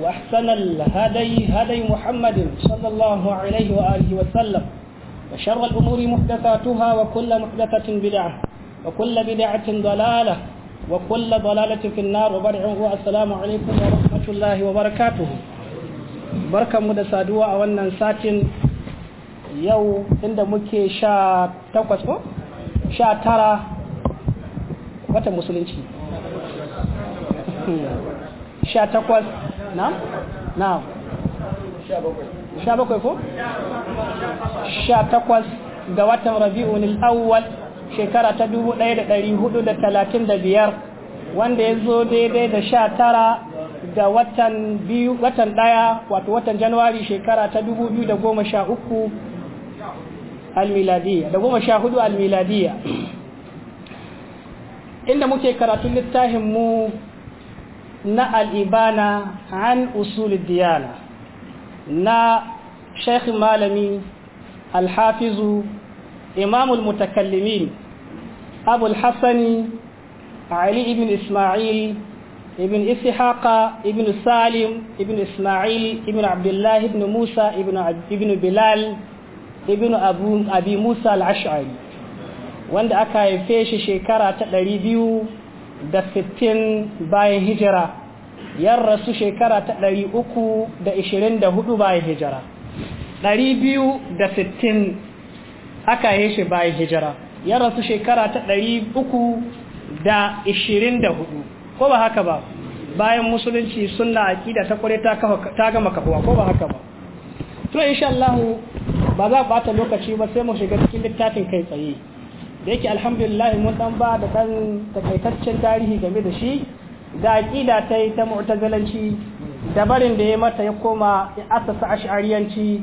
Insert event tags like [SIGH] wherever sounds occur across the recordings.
وأحسن الهدي هدي محمد صلى الله عليه وآله وسلم وشر الأمور محدثاتها وكل محدثة بدعة وكل بدعة ضلالة وكل ضلالة في النار وبرعه السلام عليكم ورحمة الله وبركاته بركة مدسادوة أولا ساتن يو عند مكي شا توقفوا شا ترى wata musulunci 18 na'am na'am sha bakwai ko sha takwas ga watan rabi'un al-awwal shekara ta dubu ɗaya da ɗari hudu da talatin da biyar wanda ya zo daidai da sha tara ga watan biyu watan ɗaya wato watan januwari shekara ta dubu biyu da goma sha uku almiladiya da goma sha hudu almiladiya inda muke karatun littafin mu na al'ibana an usulul diyana na sheikh malami alhafizu imamul mutakallimin abul hassani ali ibn ismail ibn ishaqa ibn salim ibn ismail ibn abdullah ibn musa ibn bilal ibn abu abi musa wanda aka haife shi shekara ta biyu. da sittin bayan hijira ya rasu shekara ta ɗari uku da ishirin da hudu bayan hijira ɗari biyu da sittin aka yi shi bayan hijira ya rasu shekara ta ɗari uku da ishirin da hudu ko ba haka ba bayan musulunci suna aƙida ta kware ta gama kafuwa ko ba haka ba to insha Allah ba za a bata lokaci ba sai mu shiga cikin littafin kai tsaye da yake alhamdulillah mun dan ba da dan takaitaccen tarihi game da shi da aqida ta yi ta mu'tazilanci da barin da ya mata ya koma ya asasa ash'ariyanci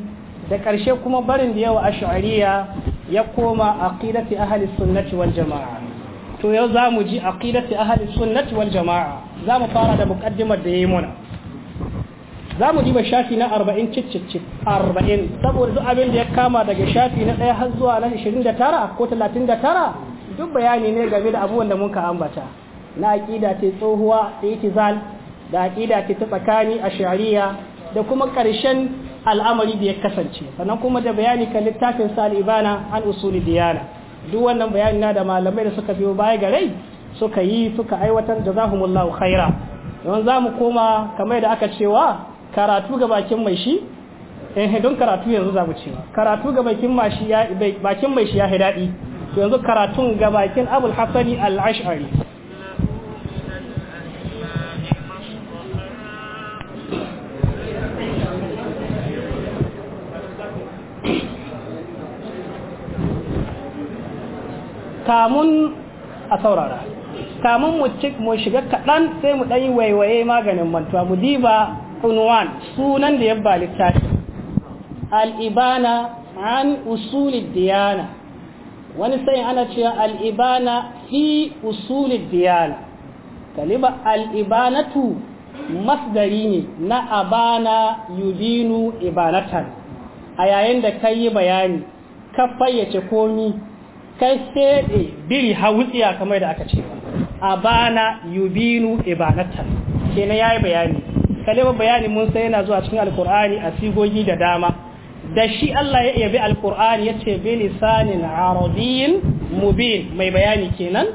da ƙarshe kuma barin da yawa ash'ariya ya koma aqidati ahli sunnati wal jama'a to yau zamu ji aqidati ahli sunnati wal jama'a zamu fara da muqaddimar da yayi muna za mu diba shafi na 40 cicicicip 40 saboda duk abin da ya kama daga shafi na ɗaya har zuwa na 29 ko 39 duk bayani ne game da abubuwan da muka ambata na aƙida ce tsohuwa da itizal da aƙida ce ta tsakani a shari'a da kuma ƙarshen al'amari da ya kasance sannan kuma da bayani kan littafin salibana an usuli diyana duk wannan bayani na da malamai da suka biyo baya ga rai suka yi suka aiwatar da zahumullahu khaira don za mu koma kamar da aka cewa karatu ga bakin mai shi eh don karatu yanzu za mu ce, karatu ga bakin mai shi ya bakin mai shi ya hidadi yanzu karatun ga bakin Abul Hasani Al-Ash'ari kamun a saurara kamun mu shiga kaɗan sai mu ɗanyi waiwaye maganin mantuwa mu diba unwan sunan da yabba littafi al an usulid diyana wani sai ana cewa al'ibana ibana fi usulid diyana kaliba al'ibanatu masdari ne na abana yudinu ibanatan a yayin da ka yi bayani ka fayyace komi kai sai biri hawutsiya kamar da aka ce abana yubinu ibanatan ya yayi bayani kalimar bayani mun sai yana zuwa cikin alkur'ani a sigogi da dama da shi Allah ya yabi alkur'ani ya ce bi lisanin arabiyyin mubin mai bayani kenan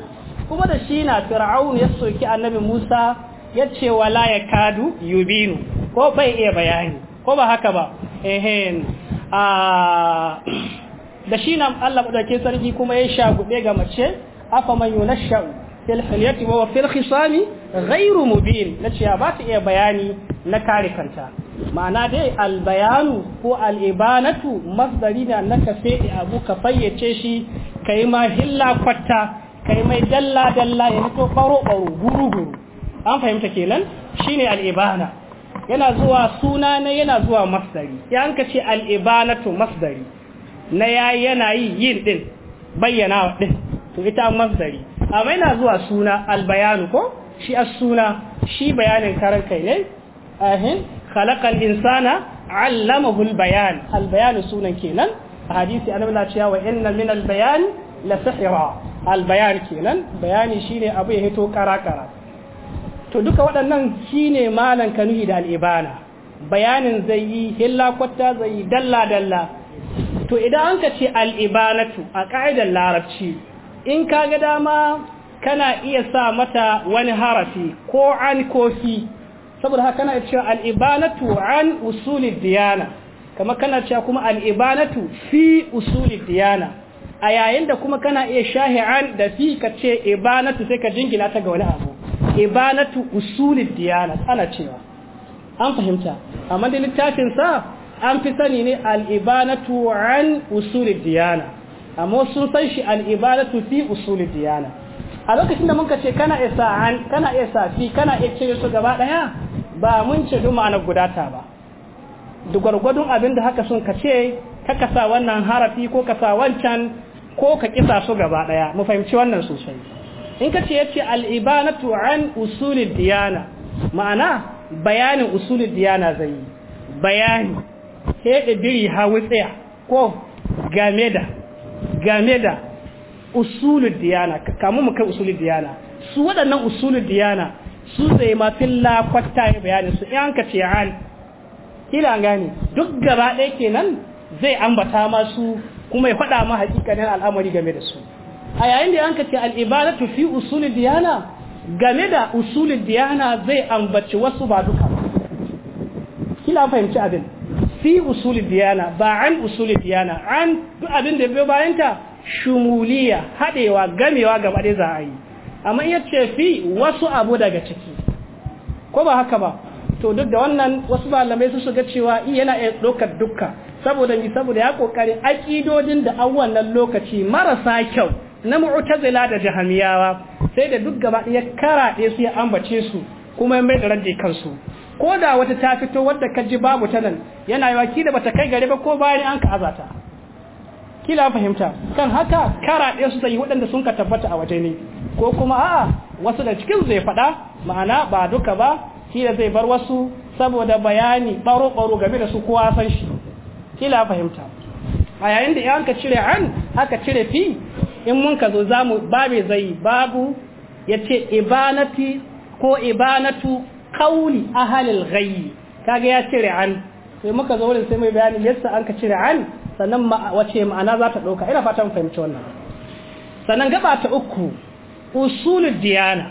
kuma da shi na fir'aun ya soki annabi Musa ya ce wala ya kadu yubinu ko bai iya bayani ko ba haka ba ehen a ah, da shi nan Allah ke sarki kuma ya shagube ga mace afa man yunashu fil hilyati wa fil khisami na cewa ba iya bayani na kare kanta ma'ana dai albayanu ko al'ibanatu masdari na na ka fede abu ka fayyace shi ka yi ma kwatta ka yi mai dalla dalla ya fito baro baro an fahimta kenan shine al'ibana yana zuwa suna na yana zuwa masdari ya an ka ce al'ibanatu masdari na ya yana yi yin din bayyana din to ita masdari amma yana zuwa suna albayanu ko shi as suna shi bayanin karan kai ne ahin khalaqal insana allamahu albayan albayanu sunan kenan hadisi annabi na cewa wa inna min albayan la sihra albayan kenan bayani shine abu ya hito karakara to duka waɗannan shine malan kanuhi da al'ibana bayanin zai yi hilla zai yi dalla dalla to idan an ka al al'ibanatu a ƙa'idar larabci in ka ga dama kana iya sa mata wani harafi ko an ko fi saboda haka kana cewa al'ibanatu an usuli diyana kama kana cewa kuma al'ibanatu fi usuli diyana a yayin da kuma kana iya shahi an da fi ka ce ibanatu sai ka jingina ta ga wani abu ibanatu usuli diyana ana cewa an fahimta amma da littafinsa an fi sani ne al'ibanatu an usuli diyana amma sun san shi alibadatu fi usul diyana a lokacin da muka ce kana isa an kana isa fi kana ce su gaba daya ba mun ce duma na gudata ba da gwargwadon abin da haka sun kace ka kasa wannan harafi ko kasa wancan ko ka kisa su gaba daya mu fahimci wannan sosai in kace yace ce ibanatu an usul diyana ma'ana bayanin usulin diyana zai yi bayani ke biri hawi tsaya ko game da game da usulun diyana kamun mu kai usulun diyana su waɗannan usulun diyana su zai mafi lakwata ya bayanin su yan ka ce an ila gane duk gaba ɗaya kenan zai ambata masu kuma ya faɗa ma hakikanin al'amari game da su a yayin da an ka ce al'ibadatu fi usulun diyana game da usulun diyana zai ambaci wasu ba duka kila fahimci abin fi usuli diyana ba an usuli diyana an duk abin da bai bayanta shumuliya hadewa gamewa gaba da za a yi amma iya ce fi wasu abu daga ciki ko ba haka ba to duk da wannan wasu malamai su shiga cewa yana iya ɗaukar dukka saboda ni saboda ya ƙoƙari aƙidodin da an lokaci marasa kyau na mu'tazila da jahamiyawa sai da duk gaba ya karaɗe su ya ambace su kuma mai da rage kansu ko da wata ta fito wadda ka ji babu ta nan yana yawa kila bata kai gare ba ko bayan an ka azata kila fahimta kan haka kara ɗaya su yi waɗanda sun ka tabbata a waje ne ko kuma a'a wasu da cikin zai faɗa ma'ana ba duka ba kila zai bar wasu saboda bayani ɓaro-ɓaro game da su kowa san shi kila fahimta a yayin da ka cire an aka cire fi in mun ka zo za mu babe zai babu ya ce ibanati ko ibanatu kauli ahalil ghayyi kaga ya cire an sai muka zo wurin sai mai bayani yasa an ka cire an sannan wace ma'ana za ta ɗauka ina fatan fahimci wannan sannan gaba ta uku usulu diyana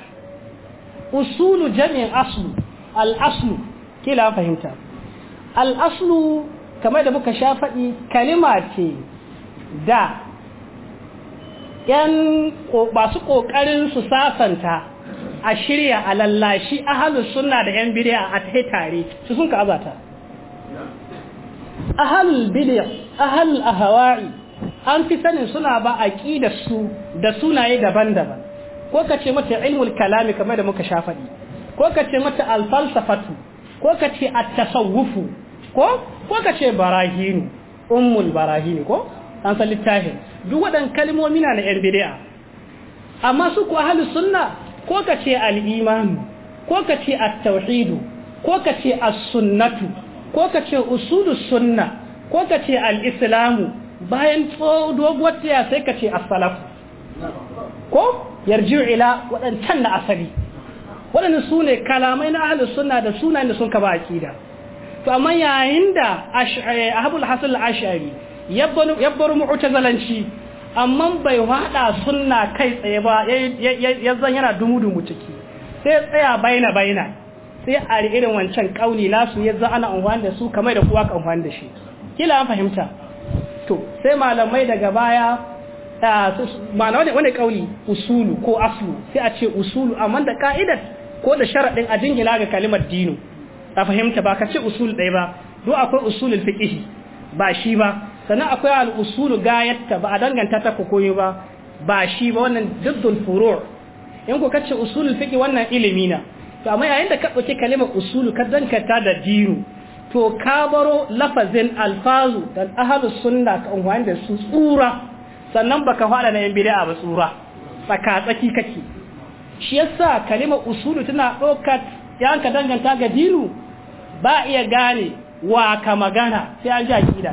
usulu jami'in aslu al-aslu kila fahimta al-aslu kamar da muka sha faɗi kalima ce da ‘yan masu ƙoƙarin su sasanta a shirya a lallashi ahalus suna da yan bid'a a ta tare su sun ka azata ahalul bid'a ahalul ahwa'i an fi sanin suna ba da su da sunaye daban-daban ko ka ce mata ilmul kalami kamar da muka sha faɗi ko ka ce mata alfalsafatu ko ka ce a tasawufu ko ko ka ce barahini ummul barahini ko an san littafin duk waɗannan kalmomi na na yan bid'a amma su ku ahalin sunna ko ka ce al'imanu ko ka ce tauhidu ko ka ce as-sunnatu ko ka ce usulu sunna ko ka ce al’islamu bayan doguwar tsaya sai ka ce as ko yarji ila waɗancan na asali waɗanda su ne kalamai na ahalus sunna da sunayen da sun ka ba ƙida to amma yayin da eh, ahabul hasan ashari yabbaru mu'utazalanci amma bai hada sunna kai tsaye ba ya zan yana dumu-dumu ciki sai tsaya baina-baina sai a irin wancan kauni nasu ya zan ana amfani da su kamar da kowa ka amfani da shi kila an fahimta to sai malamai daga baya ma'ana wani kauli usulu ko aslu sai a ce usulu amma da ka'idar ko da sharaɗin a jingina ga kalimar dino a fahimta ba ka ce usul ɗaya ba duk akwai usulul fiqh ba shi ba sannan akwai al'usulu gayatta ba a danganta ta koyo ba ba shi ba wannan dubdun furor in ku kacce usulu fiki wannan ilimi na to amma yayin da ka kalimar usulu ka danganta da dinu to ka baro lafazin alfazu da ahalus sunna ka unwan da su tsura sannan ba ka haɗa na yan bid'a ba tsura tsaka tsaki kake shi yasa kalimar usulu tana ɗaukar yan ka danganta ga dinu ba iya gane wa ka magana sai an ji akida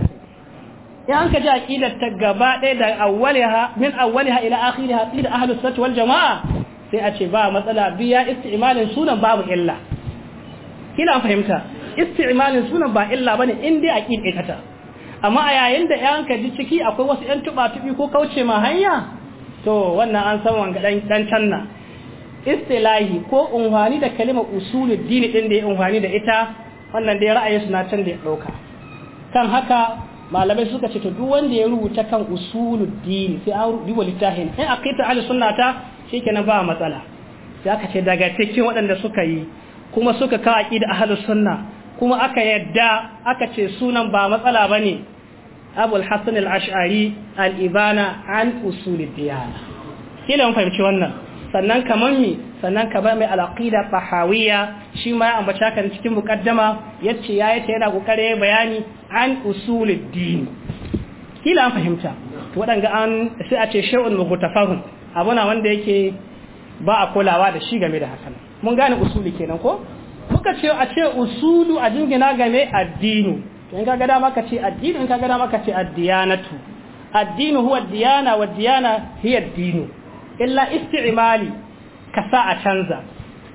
in an ka ji aqidar ta gaba ɗaya da awwaliha min awwaliha ila akhiriha aqida ahlus sunnah wal jamaa sai a ce ba matsala biya isti'malin sunan babu illa kina fahimta isti'malin sunan ba illa bane in dai aqida ta amma a yayin da yan ka ji ciki akwai wasu yan tuba tubi ko kauce ma hanya to wannan an san wanga dan dan canna istilahi ko unwani da kalimar usuluddin din da ya unwani da ita wannan dai ra'ayi suna can da ya dauka kan haka malamai suka ce to duk wanda ya rubuta kan usuluddin sai an wa littafin ta aqita ahli sunnata shikenan ba matsala sai aka ce daga cikin waɗanda suka yi kuma suka kawo aqida ahli sunna kuma aka yadda aka ce sunan ba matsala bane Abu al-Hasan al-Ash'ari al-Ibana an usulid diyana kila mun fahimci wannan sannan kamar mi sannan ka bar mai alaƙida tahawiyya shi ma ya ambata kan cikin mukaddama yace yayi ta yana kokare bayani an usuluddin kila an fahimta to wadanga an sai a ce shay'un mughtafahun abuna wanda yake ba a kulawa da shi game da hakan mun gane usuli kenan ko muka ce a ce usulu a jingina game addinu in ka ga dama ka ce addinu in ka ga dama ce addiyanatu addinu huwa diyana wa diyana hiya addinu illa isti'mali ka sa a canza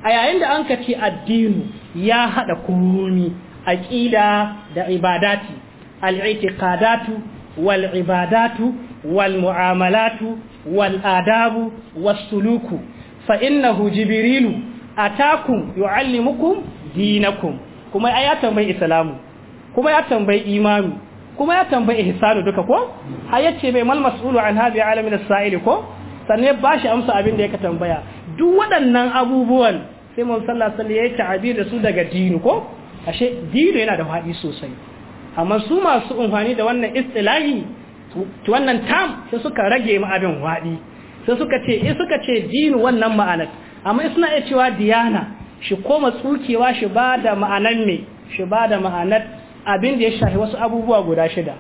a yayin da an ka ce addinu ya haɗa komi aƙida da ibadati al'itiqadatu wal ibadatu wal mu'amalatu wal adabu was suluku fa innahu jibrilu atakum yu'allimukum dinakum kuma ya tambayi islamu kuma ya tambayi imani kuma ya tambayi ihsanu duka ko har yace mal mas'ulu an hadhi alamin as-sa'il ko sannan ba shi amsa abin da yake tambaya duk waɗannan abubuwan sai mun sallah ya yayi ta'abir da su daga dinu ko ashe dinu yana da faɗi sosai amma su masu umfani da wannan istilahi wannan tam sai suka rage mu abin waɗi sai suka ce eh suka ce dinu wannan ma'anar amma suna iya cewa diyana shi koma tsukewa shi ba da ma'anar me shi ba da ma'anar abin da ya shafi wasu abubuwa guda shida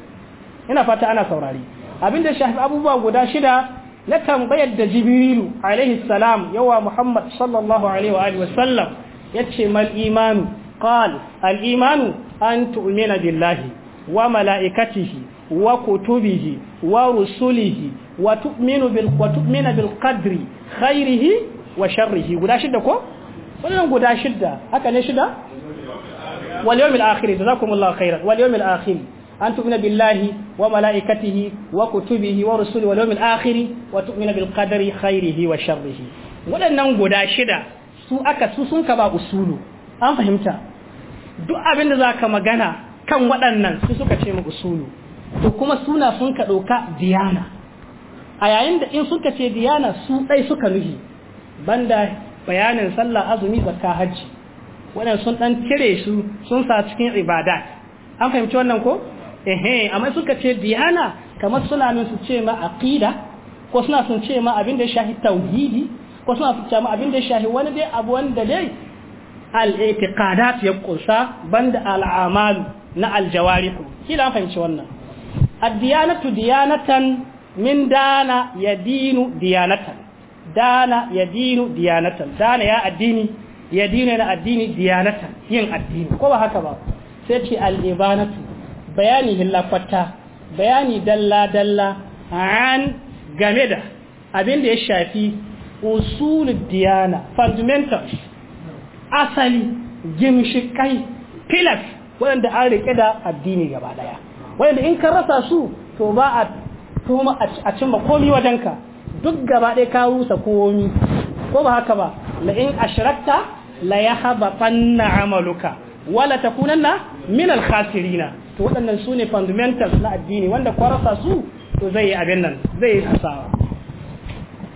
ina fata ana saurari abin da ya shafi abubuwa guda shida na tambayar da Jibirilu alaihi salam yawa muhammad sallallahu alaihi wa alihi wasallam yace mal imanu qal al imanu an tu'mina billahi wa malaikatihi wa kutubihi wa rusulihi wa tu'minu bil wa tu'mina bil qadri khairihi wa sharrihi guda shidda ko wannan guda shidda haka ne shidda wal yawmil akhir jazakumullahu khairan wal yawmil akhir an tu'mina billahi wa mala'ikatihi wa kutubi wa rusuli wa yawmil akhir wa tu'mina bil qadari wa sharrihi waɗannan guda shida su aka su sun ka usulu an fahimta duk abinda za ka magana kan waɗannan su suka ce mu usulu to kuma suna sun ka ɗauka diyana a yayin da in suka ce diyana su ɗai suka nuhi banda bayanin sallah azumi zakka hajji waɗanda sun ɗan cire su sun sa cikin ibada an fahimci wannan ko ehe amma suka ce diyana kamar suna min su ce ma aqida ko suna sun ce ma abin da ya shahi tauhidi ko suna sun ce ma abin da ya shahi wani dai abu wanda dai al-i'tiqadat ya kusa banda al-amal na al-jawarihu kila fahimci wannan ad-diyanatu diyanatan min dana yadinu diyanatan dana yadinu diyanatan dana ya addini yadinu na addini diyanatan yin addini ko ba haka ba sai ce al-ibanatu bayani hillafatta bayani dalla dalla an game da abin da ya shafi usulul diyana fundamentals asali gimshikai pillars waɗanda an rike da addini gaba daya waɗanda in ka rasa su to ba a tuma a cimma komi wajenka duk gaba ɗaya ka rusa komi ko ba haka ba la in ashrakta la yahbatanna amaluka wala takunanna min al-khasirina to waɗannan su ne fundamentals na addini wanda kwarasa su to zai yi abin nan zai yi asawa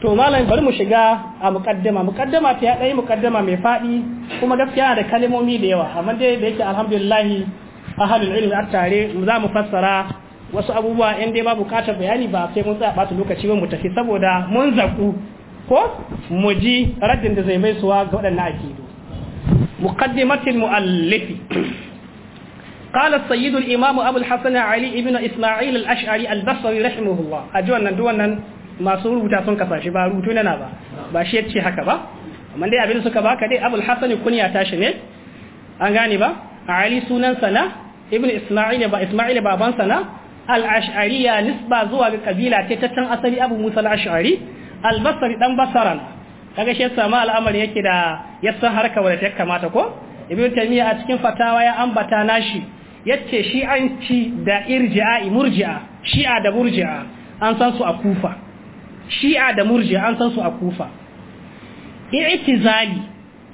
to malam bari mu shiga a mukaddama mukaddama ta ya ɗaya mukaddama mai faɗi, kuma gaskiya da kalimomi da yawa amma dai da yake alhamdulillah ahlul ilmi a tare mu za mu fassara wasu abubuwa in dai ba bukatar bayani ba sai mun tsaya bata lokaci ba mu tafi saboda mun zaku ko mu ji raddin da zai mai suwa ga waɗannan akidu muqaddimatul muallifi قال السيد الإمام أبو الحسن علي بن إسماعيل الأشعري البصري رحمه الله أجوانا دوانا ما سور بتاسون كفاش بارو توننا با باشيت شي هكذا با dai دي suka baka dai أبو الحسن kunya tashi أنغاني با علي ba سنة ابن إسماعيل با إسماعيل ba isma'il baban sana نسبة ash'ariya nisba تتتن أسري أبو موسى الأشعري البصري دم musa kaga shi yasa ma al'amari yake da yassan harka wanda ta kamata ko ibnu taymiya a cikin fatawa ya ambata nashi yace shi an ci da irji'a murji'a shi'a da murji'a an san su a kufa shi'a da murji'a an san su a kufa i'tizali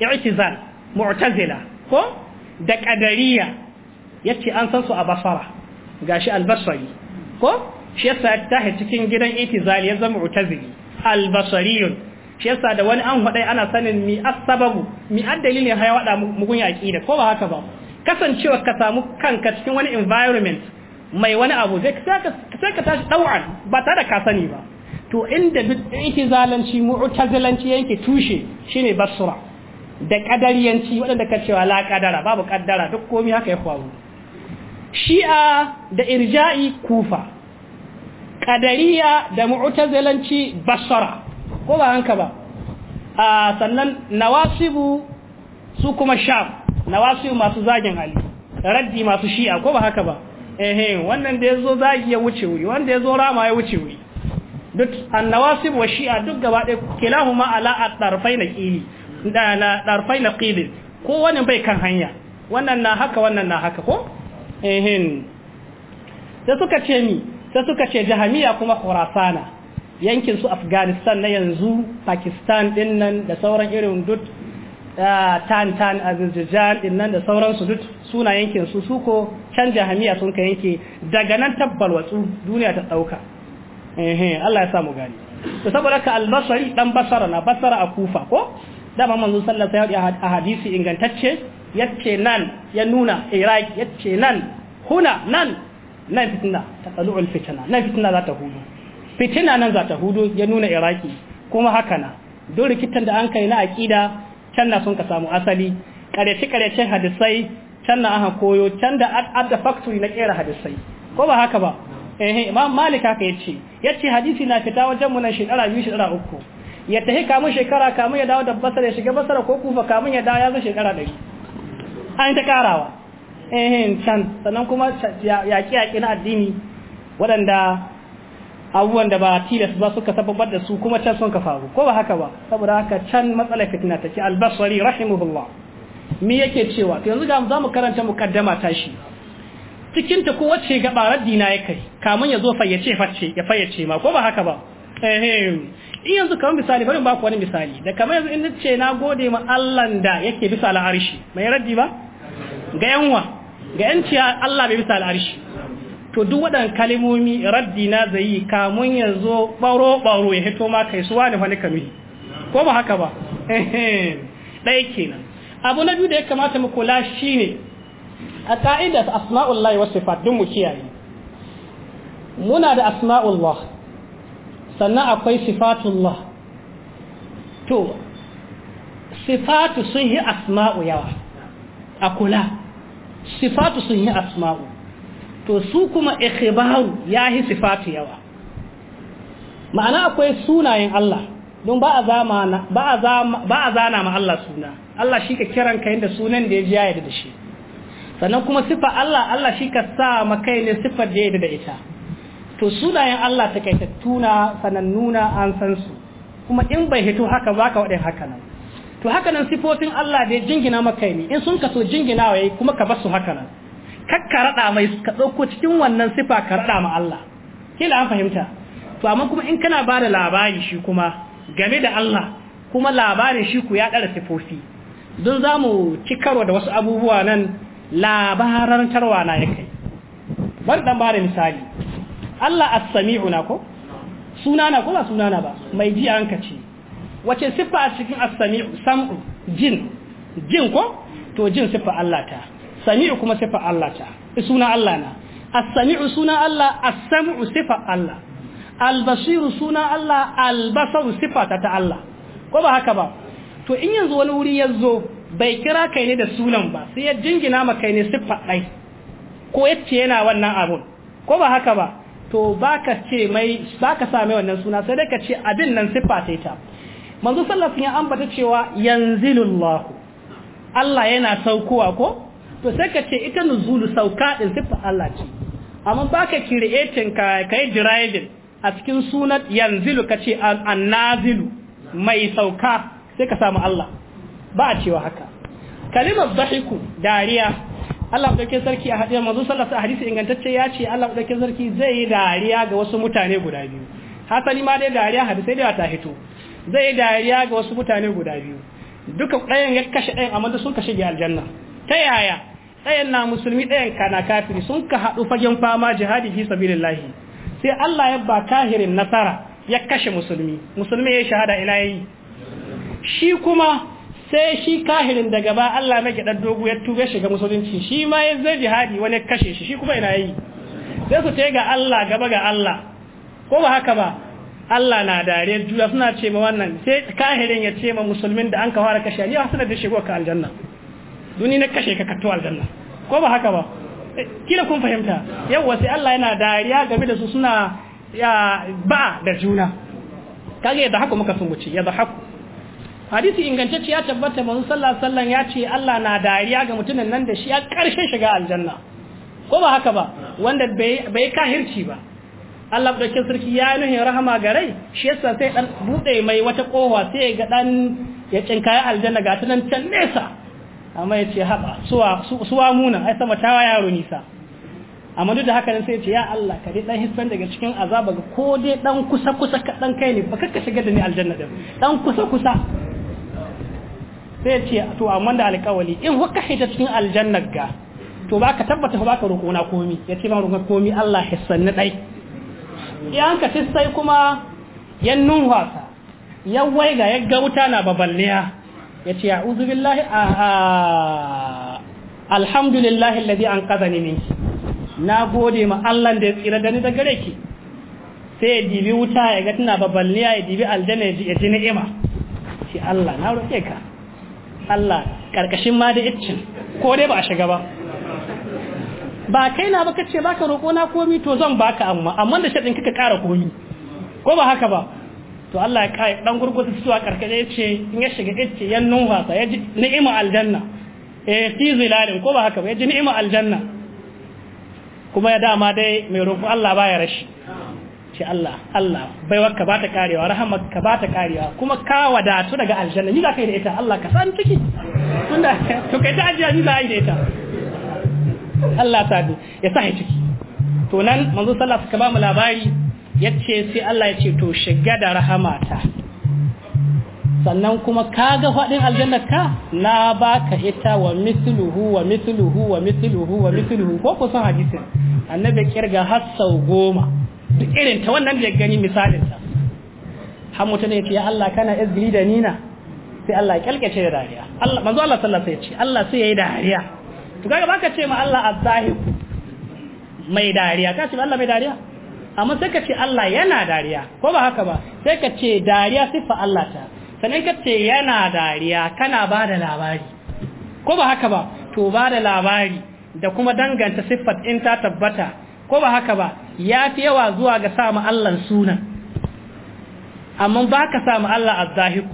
i'tizal mu'tazila ko da qadariya yace an san su a basara gashi al-basri ko shi yasa ta cikin gidan i'tizali ya zama mu'tazili al basri shi yasa da wani an hudai ana sanin mi as-sababu mi ad-dalilin haya wada mugun yaqida ko ba haka ba kasancewa ka samu kanka cikin wani environment mai wani abu sai ka tashi ɗau'an ba tare da ka sani ba to inda duk yake zalanci zalanci yanke tushe shine basura da kadariyanci waɗanda ka cewa la kadara babu kaddara duk komai haka ya faru shi'a da irja'i kufa ƙadariya da mu'tazilanci basara ko ba hanka ba a sannan nawasibu su kuma sha'a wasu masu zagin ali raddi masu shi'a ko ba haka ba eh wannan da yazo zagi ya wuce wuri wanda yazo rama ya wuce wuri duk annawasib wa shi'a duk gaba ɗaya kilahuma ala at na qili da na tarfain qili ko wani bai kan hanya wannan na haka wannan na haka ko eh sai suka ce ni da suka ce jahamiya kuma khurasana yankin su afghanistan na yanzu pakistan ɗin nan da sauran irin duk Ah, tan tan azizjan din nan da sauransu duk suna yankin su su ko can jahamiya sun ka yanke daga nan tabbal watsu duniya ta dauka eh Allah ya mu gani to saboda ka albasari dan basara na basara a kufa ko dama manzo sallallahu alaihi wasallam a hadisi ingantacce yace nan ya nuna iraki yace nan huna nan nan fitna taqalu'ul fitna nan fitna za ta hudu fitina nan za ta hudu ya nuna iraki kuma haka na don rikitan da an kai na aqida can na sun ka samu asali ƙarece-ƙarece hadisai can na aka koyo can da adda factory na ƙera hadisai ko ba haka ba eh imam malik haka yace yace hadisi na fita wajen mu na shekara biyu shekara uku ya tahi kamun shekara kamun ya dawo da basar ya shiga basara ko kufa kamun ya dawo ya zo shekara ɗari an ta karawa eh can sannan kuma yaƙi yaƙi na addini waɗanda abubuwan da ba tilas ba suka tabbatar da su kuma can sun ka faru ko ba haka ba saboda haka can matsalar fitina ce albasari rahimahullah me yake cewa to yanzu ga mu zamu karanta mukaddama ta shi cikin ta ko wacce gaba raddina ya kai kamun ya zo fayyace facce ya fayyace ma ko ba haka ba eh eh yanzu kamar misali bari ba ku wani misali da kamar yanzu in ce na gode ma Allah da yake bisa al'arshi mai raddi ba ga yanwa ga yanciya Allah bai bisa al'arshi to duk waɗannan kalimomi raddi na zai yi kamun ya zo ɓaro-ɓaro ya hito ma kai suwa ne wani kamihi ko ba haka ba [LAUGHS] ɗaya kenan abu na biyu da ya kamata mu kula shi ne a ƙa'ida ta ya wasu sifat mu kiyaye muna da asma'ullah sannan akwai sifatullah to sifatu sun yi asma'u yawa a kula sifatu sun yi asma'u to su kuma ikhbaru yahi sifatu yawa ma'ana akwai sunayen Allah don ba a zama zana ma Allah suna Allah shi ka kiran ka da sunan da ya ji yayi da shi sannan kuma sifa Allah Allah shi ka sa ma kai ne sifar da ya da ita to sunayen Allah ta kai tuna sanannuna an san su kuma in bai hito haka ba ka waɗin haka nan to haka nan sifofin Allah da ya jingina maka ne in sun ka so jinginawa waye kuma ka basu haka nan kakka raɗa mai ka ɗauko cikin wannan sifa ka raɗa ma Allah kila an fahimta to amma kuma in kana ba da labari shi kuma game da Allah kuma labarin shi ku ya ɗara sifofi don za mu ci karo da wasu abubuwa nan tarwa na ya kai bari dan ba da misali Allah as-sami'u na ko suna na ko ba suna na ba mai ji an kace wace siffa a cikin as-sami'u sam'u jin jin ko to jin siffa Allah ta sami'u kuma sifa Allah ta suna Allah na as-sami'u suna Allah as-sam'u sifa Allah al-basiru suna Allah al-basaru sifa ta ta Allah ko ba haka ba to in yanzu wani wuri ya zo bai kira kai ne da sunan ba sai ya jingina maka kai ne siffa dai ko yace yana wannan abun ko ba haka ba to baka ce mai baka sa wannan suna sai dai ka ce abin nan siffa ta ita manzo sallallahu alaihi wasallam ya ambata cewa yanzilullahu Allah yana saukowa ko to sai ka ce ita nuzulu sauka din sifa Allah ce amma baka creating ka kai driving a cikin sunan yanzilu ka ce annazilu mai sauka sai ka samu Allah ba a cewa haka kalimar dahiku dariya Allah dake sarki a hadisi manzo sallallahu alaihi hadisi ingantacce ya ce Allah dake sarki zai yi dariya ga wasu mutane guda biyu hasali ma dai dariya hadisai dai ta hito zai yi dariya ga wasu mutane guda biyu duka ɗayan ya kashe ɗayan amma sun kashe ga aljanna ta yaya ɗayan na musulmi ɗayan kana kafiri sun ka haɗu fagen fama jihadi fi sabilillahi sai Allah ya ba kahirin nasara ya kashe musulmi musulmi ya shahada ina yi shi kuma sai shi kahirin da gaba Allah mai gidan dogo ya tube shi ga musulunci shi ma ya zai jihadi wani kashe shi shi kuma ina yi sai su ga Allah gaba ga Allah ko ba haka ba Allah na dariyar juna suna ce ma wannan sai kahirin ya ce ma musulmin da an ka fara kashe ni a sanar da shigo ka aljanna duni na kashe ka katto aljanna ko ba haka ba eh, kila kun fahimta yawa sai Allah yana dariya game da su suna ya ba da juna kage yadda haka muka sun wuce yadda haka hadisi ingantacce ya tabbata manzo sallallahu alaihi wasallam ya ce Allah na dariya ga mutumin nan da shi ya karshe shiga aljanna ko ba haka ba wanda bai kahirci ba Allah da ke sarki ya nuhin rahama ga rai shi yasa sai dan bude mai wata kowa sai ga dan ya cinkaya aljanna ga tunan can nesa amma ya ce haɓa suwa munan ai sama tawa yaro nisa amma duk da haka nan sai ya ce ya Allah ka dai dan hissan daga cikin azaba ga ko dai dan kusa kusa ka dan kai ne ba ka shiga da ni aljanna da dan kusa kusa sai ya ce to amma da alƙawali in hukka hita cikin aljanna ga to ba ka tabbata ba ka roƙo na komi ya ce ba roƙo komi Allah hissan na dai ya ka sai kuma yan nunhuwa ya waiga ya ga wuta na baballiya yace a'udhu billahi a alhamdulillahi alladhi anqadhani min na gode ma Allah da ya tsira da ni da gare ki sai ya dibi wuta ya ga tana baballiya ya dibi aljanna ya ji ni'ima shi Allah na roke ka Allah karkashin ma da iccin ko dai ba a shiga ba ba kai na ba ce baka roƙo na komi to zan baka amma amma da shaɗin kika ƙara komi ko ba haka ba to Allah ya kai dan gurgurta su a karkaje yace in ya shiga yace yan numfasa ya ji ni'ima aljanna eh fi zilalin ko ba haka ba ya ji ni'ima aljanna kuma ya dama dai mai roƙo Allah baya rashi ce Allah Allah bai wakka ba ta karewa rahamar ka ba ta karewa kuma ka wadatu daga aljanna ni za ka yi da ita Allah ka san ciki tunda to kai ta ajiya ni za a yi da ita Allah ta ya sa ciki to nan manzo sallallahu alaihi ka ba mu labari yace sai Allah ya ce to shiga da rahamata sannan kuma kaga faɗin aljanna ka na baka ita wa misluhu wa misluhu wa misluhu wa misluhu ko kusan hadisin annabi kirga har sau goma duk irin ta wannan da gani misalin ta har mutane ya ce ya Allah kana izgili da nina sai Allah ya kalkace da dariya Allah manzo Allah sallallahu alaihi wasallam ya ce Allah sai yayi dariya to kaga baka ce ma Allah azzahiku mai dariya ka ce Allah mai dariya amma sai ka ce Allah yana dariya ko ba haka ba sai ka ce dariya siffa Allah ta sannan ka ce yana dariya kana ba da labari ko ba haka ba to ba da labari da kuma danganta siffat in ta tabbata ko ba haka ba ya fi yawa zuwa ga samu Allah sunan amma ba ka samu Allah a zahiku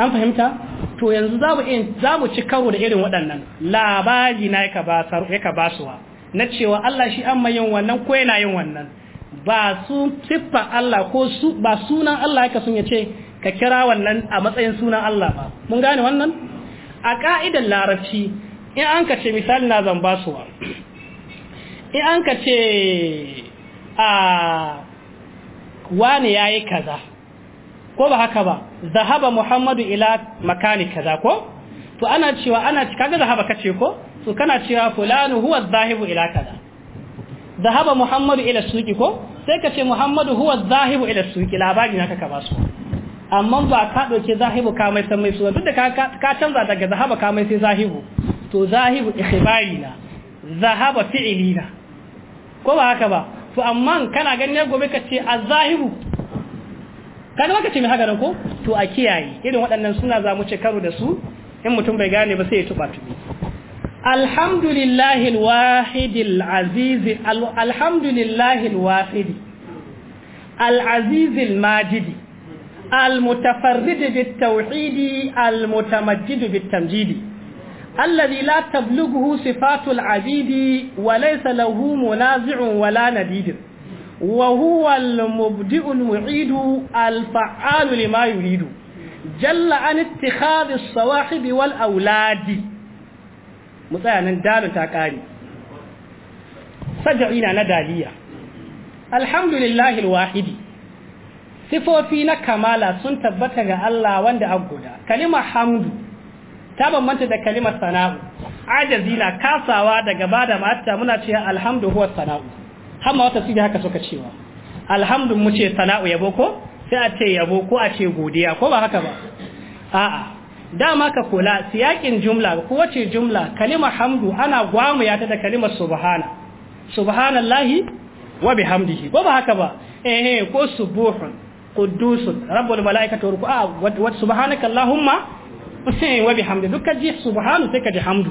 an fahimta to yanzu za mu ci karo da irin waɗannan labari na yaka basuwa na cewa Allah shi an yin wannan ko yana yin wannan ba su siffa Allah ko su ba sunan Allah haka sun yace ka kira wannan a matsayin sunan Allah ba mun gane wannan a ka'idar larabci in an ka ce misali na zan ba su in an ka ce a wani yayi kaza ko ba haka ba zahaba muhammadu ila makani kaza ko to ana cewa ana kaga zahaba kace ko To kana cewa fulanu huwa zahibu ila kada, zahaba muhammadu ila suki ko sai ka ce muhammadu huwa zahibu ila suki labari na ka ba amma ba ka dauke zahibu ka mai san mai suna duk da ka canza daga zahaba ka mai sai zahibu to zahibu ikhbari na zahaba fi'ili na ko ba haka ba to amma kana ganin gobe ka ce azahibu kada maka ce mai haka ko to a kiyaye irin waɗannan suna za mu ce karo da su in mutum bai gane ba sai ya tuba tubi الحمد لله الواحد العزيز الحمد لله الواحد العزيز الماجد المتفرد بالتوحيد المتمجد بالتمجيد الذي لا تبلغه صفات العبيد وليس له منازع ولا نديد وهو المبدئ المعيد الفعال لما يريد جل عن اتخاذ الصواحب والأولاد mu tsaya nan dalu ta kare saja'i na daliya alhamdulillahi wahidi. sifofi na kamala sun tabbata ga Allah wanda guda. kalimar hamdu ta bambanta da kalimar sana'u ajazi na kasawa daga bada mata muna cewa alhamdu huwa sana'u hamma wata su haka suka cewa alhamdu mu ce sana'u yabo ko sai a ce yabo ko a ce godiya ko ba haka ba a'a dama ka kula siyakin jumla kowace jumla kalimar hamdu ana gwamaya ta da kalimar subhana subhanallahi wa bihamdihi ko ba haka ba eh ko subuhun quddusun rabbul malaikati wa ruku'a wa subhanaka allahumma wa bihamdi dukkan ji subhanu sai ka ji hamdu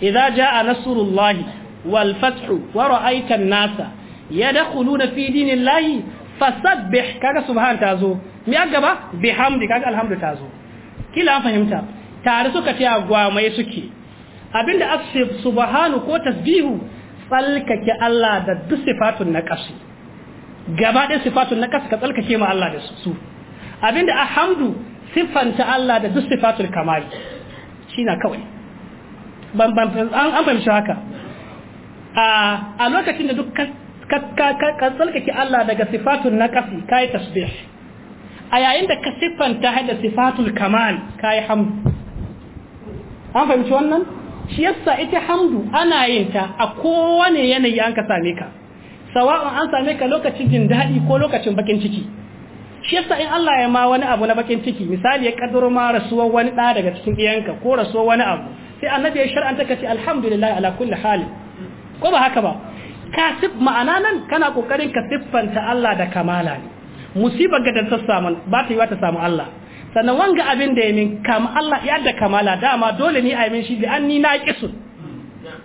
idza jaa nasrullahi wal fathu wa ra'aita an-nasa yadkhuluna fi dinillahi fasabbih kaga subhan tazo mi gaba bihamdi kaga alhamdu zo. kila an fahimta tare suka ce gwamai suke abinda ashe subhanu ko tasbihu tsalkake Allah da duk sifatun naqsi gaba da sifatun naqsi ka tsalkake ma Allah da su abinda alhamdu sifanta Allah da duk sifatun kamali shi na kawai an fahimci haka a lokacin da duk ka tsalkake Allah daga sifatun naqsi kai ka tasbih a yayin da ka siffanta haɗa sifatul kamal ka yi hamdu an fahimci wannan shi yasa ita hamdu ana yin ta a kowane yanayi an ka same ka sawa'un an same ka lokacin jin daɗi ko lokacin bakin ciki shi yasa in Allah ya ma wani abu na bakin ciki misali ya kaddaro ma rasuwar wani ɗa daga cikin iyanka ko rasuwar wani abu sai annabi ya shar'anta ka ce alhamdulillah ala kulli hali. ko ba haka ba ka ma'ana nan kana kokarin ka siffanta Allah da kamala ne musibar ga ta samu ba ta yi ta samu Allah sannan wanga abin da ya min kam Allah ya da kamala dama dole ni a min shi da an ni na kisu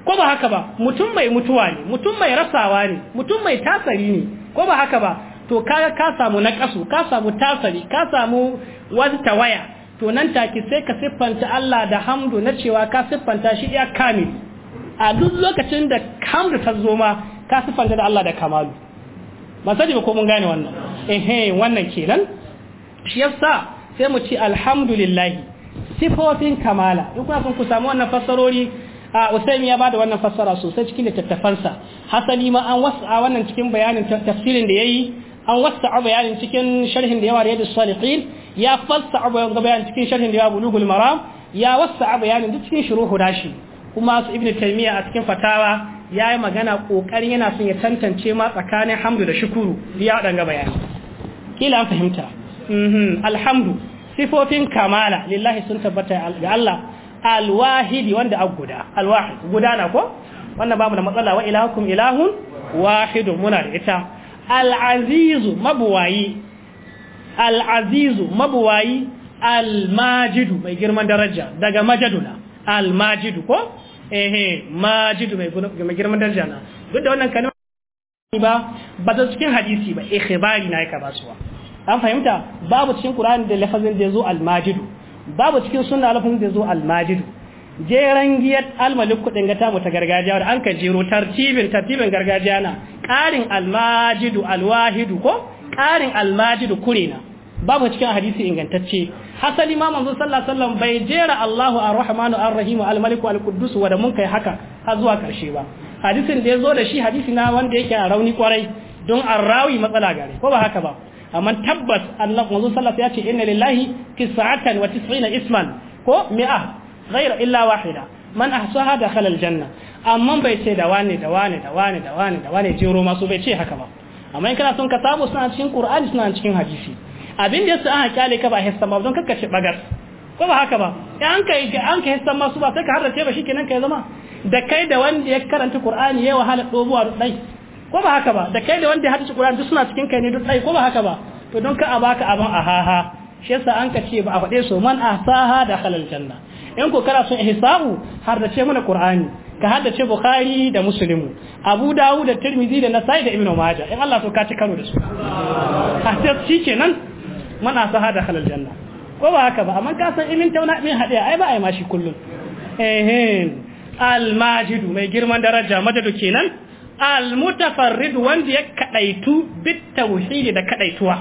ko ba haka ba mutum mai mutuwa ne mutum mai rasawa ne mutum mai tasari ne ko ba haka ba to kaga ka samu na kasu ka samu tasari ka samu wata waya to nan take sai ka siffanta Allah da hamdu na cewa ka siffanta shi ya kamil a duk lokacin da hamdu ta zo ma ka siffanta da Allah da kamalu ba sani ba ko mun gane wannan ehe wannan kenan shi yasa sai mu ci alhamdulillah sifofin kamala duk kuna son ku samu wannan fassarori a Usaimi ya bada wannan fassara sosai cikin littattafansa hasali ma an wasa wannan cikin bayanin tafsirin da yayi an wasa bayanin cikin sharhin da yawa riyadus salihin ya fassa bayanin cikin sharhin da yawa bulugul maram ya wasa bayanin duk cikin shuruhu dashi kuma su ibnu taymiya a cikin fatawa ya yi magana ƙoƙarin yana son ya tantance ma tsakanin hamdu da shukuru ya waɗanga bayani kila an fahimta mhm, alhamdu sifofin kamala lillahi sun tabbata ga Allah alwahidi wanda a guda alwahid gudana ko wannan babu da matsala wa ilahukum ilahun wahidun muna da ita al'azizu mabuwayi al'azizu mabuwayi almajidu mai girman daraja daga majaduna almajidu ko ehe majidu mai girman daraja na duk da wannan kalmar ba ba ta cikin hadisi ba ikhbari na yaka basuwa an fahimta babu cikin qur'ani da lafazin da yazo almajidu babu cikin sunna lafazin da yazo almajidu jeran giyar almaliku kudin ga tamu ta gargajiya da an ka jero tartibin tartibin gargajiya na ƙarin almajidu alwahidu ko ƙarin almajidu kurina babu cikin hadisi ingantacce hasali ma manzo sallallahu alaihi wasallam bai jera Allahu ar-rahmanu ar-rahim al-malik al wa da mun kai haka har zuwa karshe ba hadisin da yazo da shi hadisi na wanda yake a rauni kwarai don arrawi matsala gare ko ba haka ba amma tabbas Allah wanzu sallallahu ya ce inna lillahi tis'atan wa tis'ina isman ko mi'a ghayra illa wahida man ahsaha dakhala aljanna amma bai ce da wani da wani da wani da wani da wani masu bai ce haka ba amma in kana son ka samu suna cikin qur'ani suna cikin hadisi abin da yasa aka kyale ka ba hissa ma don kakkace bagas ko ba haka ba an kai an kai masu ba sai ka harrace ba shikenan kai zama da kai da wanda ya karanta qur'ani yayi wahala dobuwa dai ko ba haka ba da kai da wanda ya haddace Qur'ani duk suna cikin kai ne duk ɗaya ko ba haka ba to don ka a baka abin a haha shi yasa an ka ce ba a faɗe su man saha da halal janna in ko kana son ihsahu har da ce mana Qur'ani ka haddace Bukhari da Muslim Abu Dawud da Tirmidhi da Nasa'i da Ibn Majah in Allah so ka ci karo da su haddace shi kenan man a saha da halal janna ko ba haka ba amma ka san ilmin tauna min hadiya ai ba ai mashi kullun eh eh al-majidu mai girman daraja madadu kenan al-mutafarrid wanda ya kadaitu bit tauhid da kadaituwa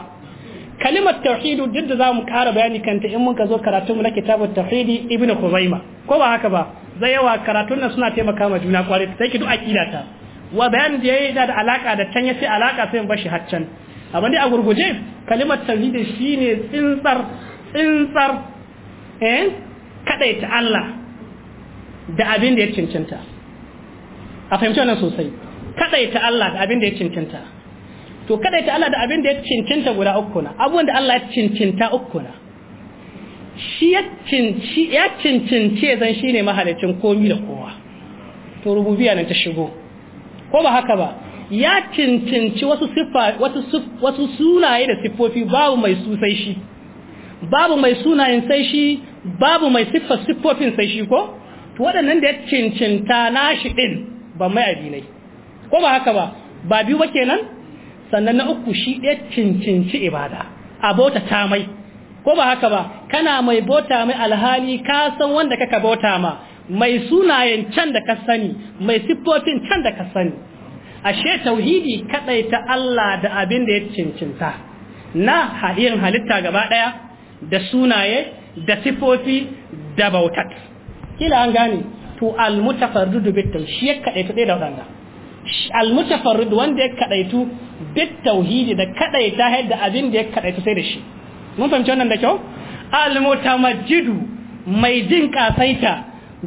kalimar tauhidu duk da zamu kara bayani kanta in mun ka zo karatun mu na kitabut tauhidi ibnu khuzaima ko ba haka ba zai yawa karatun nan suna taimaka ma juna kwarai sai ki duk akida ta wa bayan da yayi da alaka da can yace alaka sai mun bashi haccan amma dai a gurguje kalimar tauhidi shine tsintsar tsintsar eh kadaita Allah da abin da ya cancanta a fahimci wannan sosai kadaita Allah da abin da ya cincinta to kadaita Allah da abin da ya cincinta guda uku na abin da Allah ya cincinta uku na shi ya cinci ya cincince zan shine mahalicin komi da kowa to rububiyya nan ta shigo ko ba haka ba ya cincinci wasu sifa wasu wasu sunaye da siffofi babu mai su sai shi babu mai sunayen sai shi babu mai siffa siffofin sai shi ko to waɗannan da ya cincinta nashi din ba mai abinai ko ba haka ba ba biyu ba kenan sannan na uku shi ɗaya cincinci ibada a bauta ta mai ko ba haka ba kana mai bota mai alhali ka san wanda kaka bauta ma mai sunayen can da ka sani mai siffofin can da ka sani ashe tauhidi kadai ta Allah da abin da ya cincinta na haɗin halitta gaba ɗaya da sunaye da siffofi da bautat kila an gane to al mutafarridu bit shi kadai ta da wadanda almutafarrid wanda ya kadaitu bit tauhidi da kadaita yadda abin da ya kadaitu sai da shi mun fahimci wannan da kyau almutamajjidu mai jin kasaita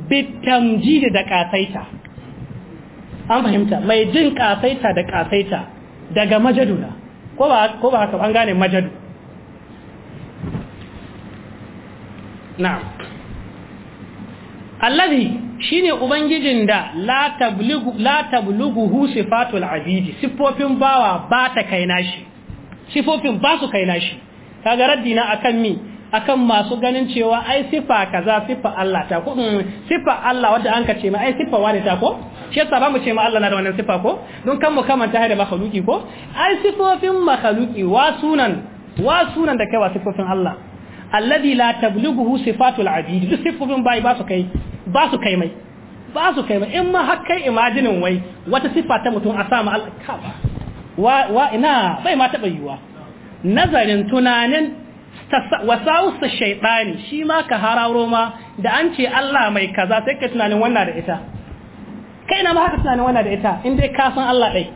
bit tamjidi da kasaita an fahimta mai jin kasaita da kasaita daga majaduna ko ba ko ba ka an gane majadu na'am allazi shine ubangijin da la tablughu la tablughu sifatul abidi sifofin bawa ba ta kai nashi sifofin ba su kai nashi kaga raddina akan mi akan masu ganin cewa ai sifa kaza sifa Allah ta ko mm, sifa Allah wanda an ka ce ma ai sifa wani ta ko shi yasa ba mu ce ma Allah na da wannan sifa ko don kan mu ta haida makhluki ko ai sifofin makhluki wa sunan wa sunan da kai wa sifofin Allah alladhi la tablughu sifatul abid duk sifofin bai ba su kai ba su kai mai ba su kai mai in ma har kai imajinin wai wata siffa ta mutum a samu alƙa wa ina bai ma taɓa yiwuwa nazarin tunanin wasawusa shaiɗani shi ma ka hararo ma da an ce Allah mai kaza sai ka tunanin wannan da ita kai na ma haka tunanin wannan da ita in dai ka san Allah ɗai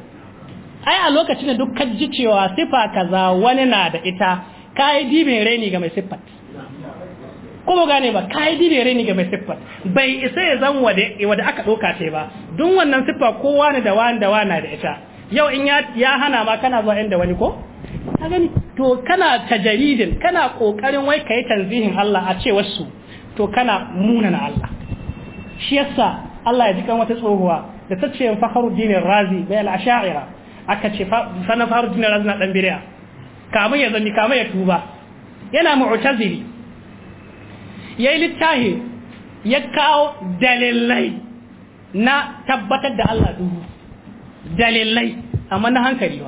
ai a lokacin da duk ka siffa cewa sifa kaza wani na da ita ka yi dibin reni ga mai siffat kuma gane ba kai dire ne ga mai siffa bai isa ya zan wade wada aka doka ce ba dun wannan siffa kowa ne da wani da wani da ita yau in ya hana ma kana zuwa inda wani ko ka gani to kana tajaridin kana kokarin wai kai tanzihin Allah a ce wasu to kana munana Allah shi yasa Allah ya ji kan wata tsohuwa da ta ce Fakhruddin Razi bai al-Ash'ari aka ce sanan Fakhruddin Razi na dan biriya kamar ya zani kamar ya tuba yana mu'tazili ya yi littahi ya kawo dalilai na tabbatar da Allah duhu dalilai amma na hankali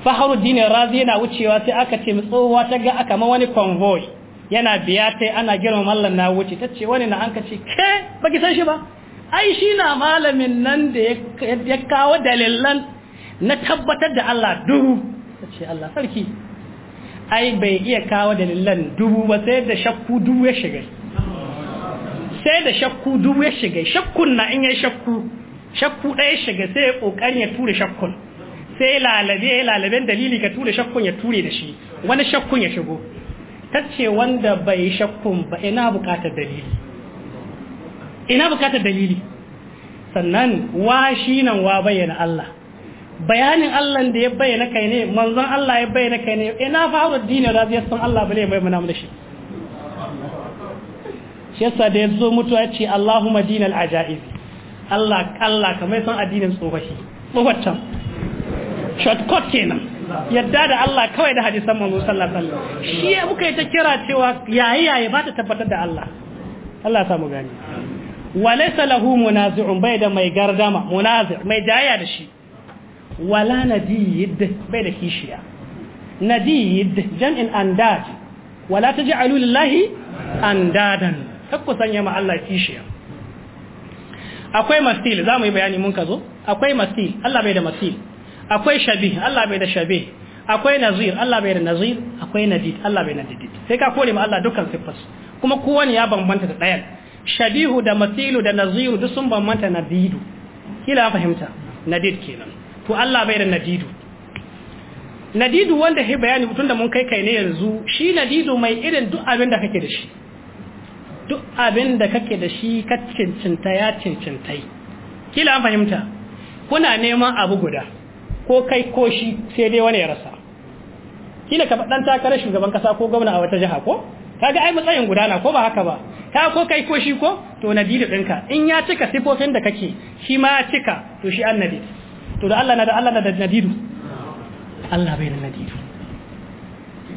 ba dinin razi yana wucewa sai aka ce tsohuwa ta ga aka ma wani convoy yana biya ta ana girma mallan na wuce ta ce wani na hankaci ke baki san shi ba ai shi na malamin nan da ya kawo dalilan na tabbatar da Allah duhu ta ce Allah sarki ai bai iya kawo dalilan dubu ba sai da shakku dubu ya shiga sai da shakku dubu ya shiga shakkun na in ya shakku shakku ɗaya shiga sai ya ƙoƙarin ya ture shakkun sai lalabe ya lalaben dalili ka ture shakkun ya ture da shi wani shakkun ya shigo ce wanda bai shakkun ba ina buƙatar dalili ina buƙatar dalili sannan wa shi nan wa bayyana Allah bayanin Allah da ya bayyana kai ne manzon Allah ya bayyana kai ne ina fa hawa dini da zai san Allah bale mai mana shi shi yasa da yazo ya ce Allahumma dinal ajaib Allah Allah kamar san addinin tsofashi tsofaccan shortcut kenan yadda da Allah kawai da hadisan manzo sallallahu alaihi wasallam shi ya muka yi ta kira cewa yayi yayi ba ta tabbatar da Allah Allah samu gani laysa lahu munazi'un bai da mai gardama munazi' mai jayya da shi wala nadid bai da kishiya nadid jam'in andad wala taj'alu lillahi andadan kakku sanya ma Allah kishiya akwai mastil zamu yi bayani mun kazo akwai mastil Allah bai da mastil akwai shabih Allah bai da shabih akwai nazir Allah bai da nazir akwai nadid Allah bai da nadid sai ka kore ma Allah dukkan siffas kuma kowani ya bambanta da ɗayan shabihu da masilu da naziru duk sun bambanta nadidu kila fahimta nadid kenan to Allah bai da nadidu nadidu wanda he bayani mutum da mun kai kai ne yanzu shi nadidu mai irin duk abin da kake da shi duk abin da kake da shi ka cincinta ya cincintai kila an fahimta kuna neman abu guda ko kai ko shi sai dai wani ya rasa kila ka dan takarar shugaban kasa ko gwamna a wata jiha ko kaga ai matsayin gudana ko ba haka ba ka ko kai ko shi ko to nadidu dinka. in ya cika sifofin da kake shi ma ya cika to shi annabi to da Allah na da Allah na da nadidu Allah bai da nadidu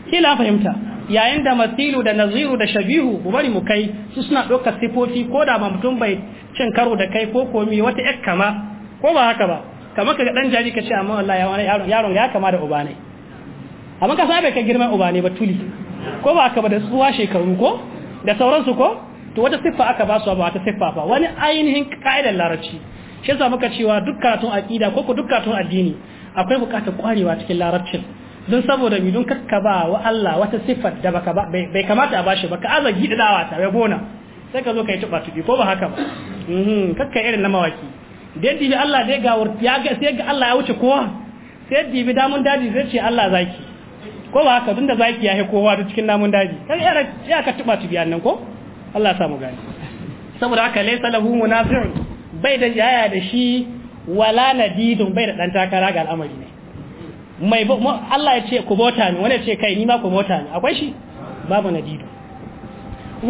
kila fahimta yayin da masilu da naziru da shabihu ku bari mu kai su suna ɗaukar sifofi ko da ba mutum bai cin karo da kai ko komi wata yak kama ko ba haka ba kamar ka dan jari ka ce amma wallahi ya wani yaron yaron ya kama da uba ne amma ka sabe ka girman uba ne ba tuli ko ba haka ba da tsuwa shekaru ko da sauransu ko to wata siffa aka ba su ba wata siffa ba wani ainihin ka'idar larabci shi yasa muka cewa dukkatun aqida ko ko dukkatun addini akwai bukatar kwarewa cikin larabcin don saboda mi don kakka ba wa Allah wata siffar da baka bai kamata a bashi ba ka aza gidadawa ta bai bona sai ka zo ka yi tuba tubi ko ba haka ba mhm kakka irin na mawaki da yadda Allah dai ga ya ga sai ga Allah ya wuce kowa sai yadda bi damun daji zai ce Allah zaki ko ba haka tunda zaki ya yi kowa da cikin namun daji kan yara ya ka tuba tubi annan ko Allah ya samu gani saboda haka laysa lahu munafi'un bai da jaya da shi wala nadidun bai da dan takara ga al'amari ne mai Allah ya ce ku bota ni wani ce kai ni ma ku bota ni akwai shi babu nadidu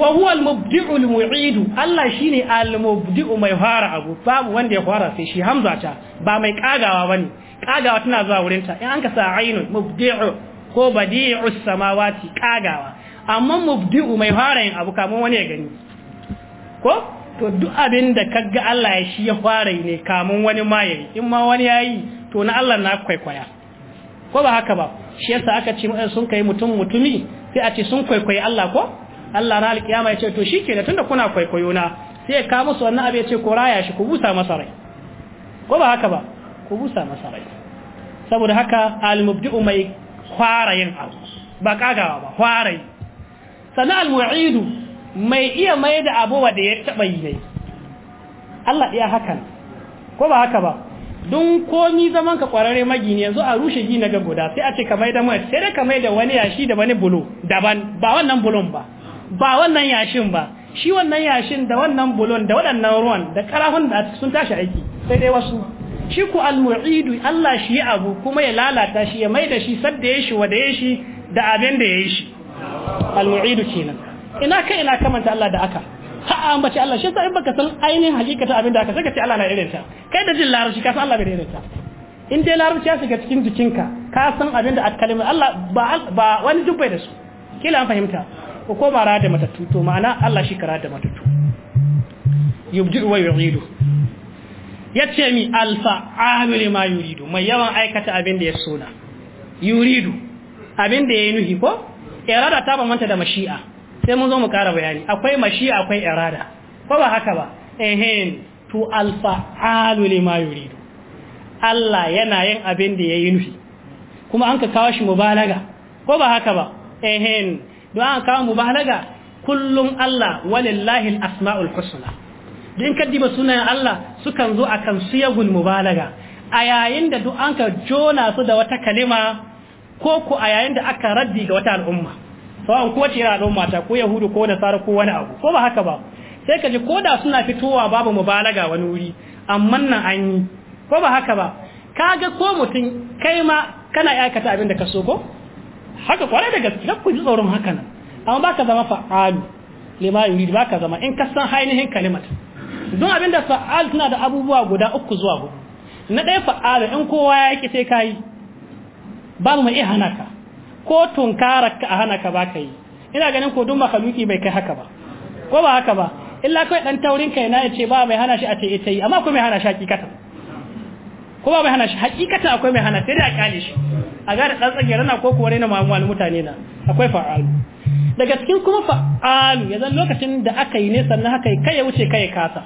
wa huwa al-mubdi'u al muidu Allah shine al-mubdi'u mai fara abu babu wanda ya fara sai shi hamza ta ba mai kagawa bane kagawa tana zuwa wurin ta in an ka sa ainu mubdi'u ko badi'u as-samawati kagawa amma mubdi'u mai fara yin abu kamar wani ya gani ko to duk abin da kaga Allah ya shi ya fara ne kamun wani ma ya yi, in ma wani ya yi, to na Allah na kwaikwaya ko ba haka ba shi yasa aka ce sun kai mutum mutumi sai a ce sun kwaikwayi Allah ko Allah na alkiyama ya ce to shi ke da tunda kuna kwaikwayo na sai ka musu wannan abin ya ce ko raya shi ku busa masa rai ko ba haka ba ku busa masa rai saboda haka al-mubdi'u mai fara yin abu ba kagawa ba fara sannan al-mu'idu mai iya mai da abuwa da ya taɓa yi dai Allah ɗaya hakan ko ba haka ba don komi zaman ka kwararre magini yanzu a rushe gina ga guda sai a ce ka maida mai sai dai ka maida wani yashi da wani bulo daban ba wannan bulon ba ba wannan yashin ba shi wannan yashin da wannan bulon da waɗannan ruwan da karahun da sun tashi aiki sai dai wasu shi ku almu'idu Allah shi abu kuma ya lalata shi ya mai da shi sadda ya shi da ya shi da abin da ya yi shi almu'idu kenan ina kai ina kamanta Allah da aka ha bace Allah shi yasa in baka san ainihin hakikata abin da aka saka ce Allah na irinta kai da jin larabci ka san Allah bai irinta in dai larabci ya shiga cikin jikinka ka san abin da kalmar Allah ba ba wani dubbai da su kila an fahimta ko koma ra da matattu to ma'ana Allah shi kara da matattu yubdi wa yu'idu yace mi alfa amili ma yuridu mai yawan aikata abin da ya sona yuridu abin da ya yi nuhi ko irada ta bambanta da mashi'a sai mun zo mu ƙara bayani akwai mashi akwai irada ko ba haka ba ehem to alfa'alu lima yuridu Allah yana yin abin da yayi nufi kuma an ka kawo shi mubalaga ko ba haka ba Ehin. don an kawo mubalaga kullum Allah walillahi alasmaul asmaul husna din ba sunayen Allah sukan zo akan siyagul mubalaga a yayin da duk an ka jona su da wata kalima ko ku a yayin da aka raddi ga wata al'umma sawa'an ko ce don mata ko yahudu ko nasara ko wani abu ko ba haka ba sai ka ji ko da suna fitowa babu mubalaga wani wuri amma nan an yi ko ba haka ba ka ga ko mutum kai ma kana aikata abin da ka so ko haka kwarai da gaske ka ji tsoron haka nan amma ba ka zama fa'alu lima ba ka zama in ka san ainihin kalimat don abin da fa'al suna da abubuwa guda uku zuwa hudu na ɗaya fa'alu in kowa ya ki sai yi babu mai iya hana ka ko tunkara ka a hana ka ba ka yi ina ganin ko dun makaluki bai kai haka ba ko ba haka ba illa kai dan taurin kai na yace ba mai hana shi a tayi amma akwai mai hana shi hakikata ko ba mai hana shi hakikata akwai mai hana sai da kyale shi a ga da tsantsage rana ko kuwa rena ma'amal mutane na akwai fa'alu daga cikin kuma fa'alu zan lokacin da aka yi ne sannan haka kai ya wuce kai ya kasa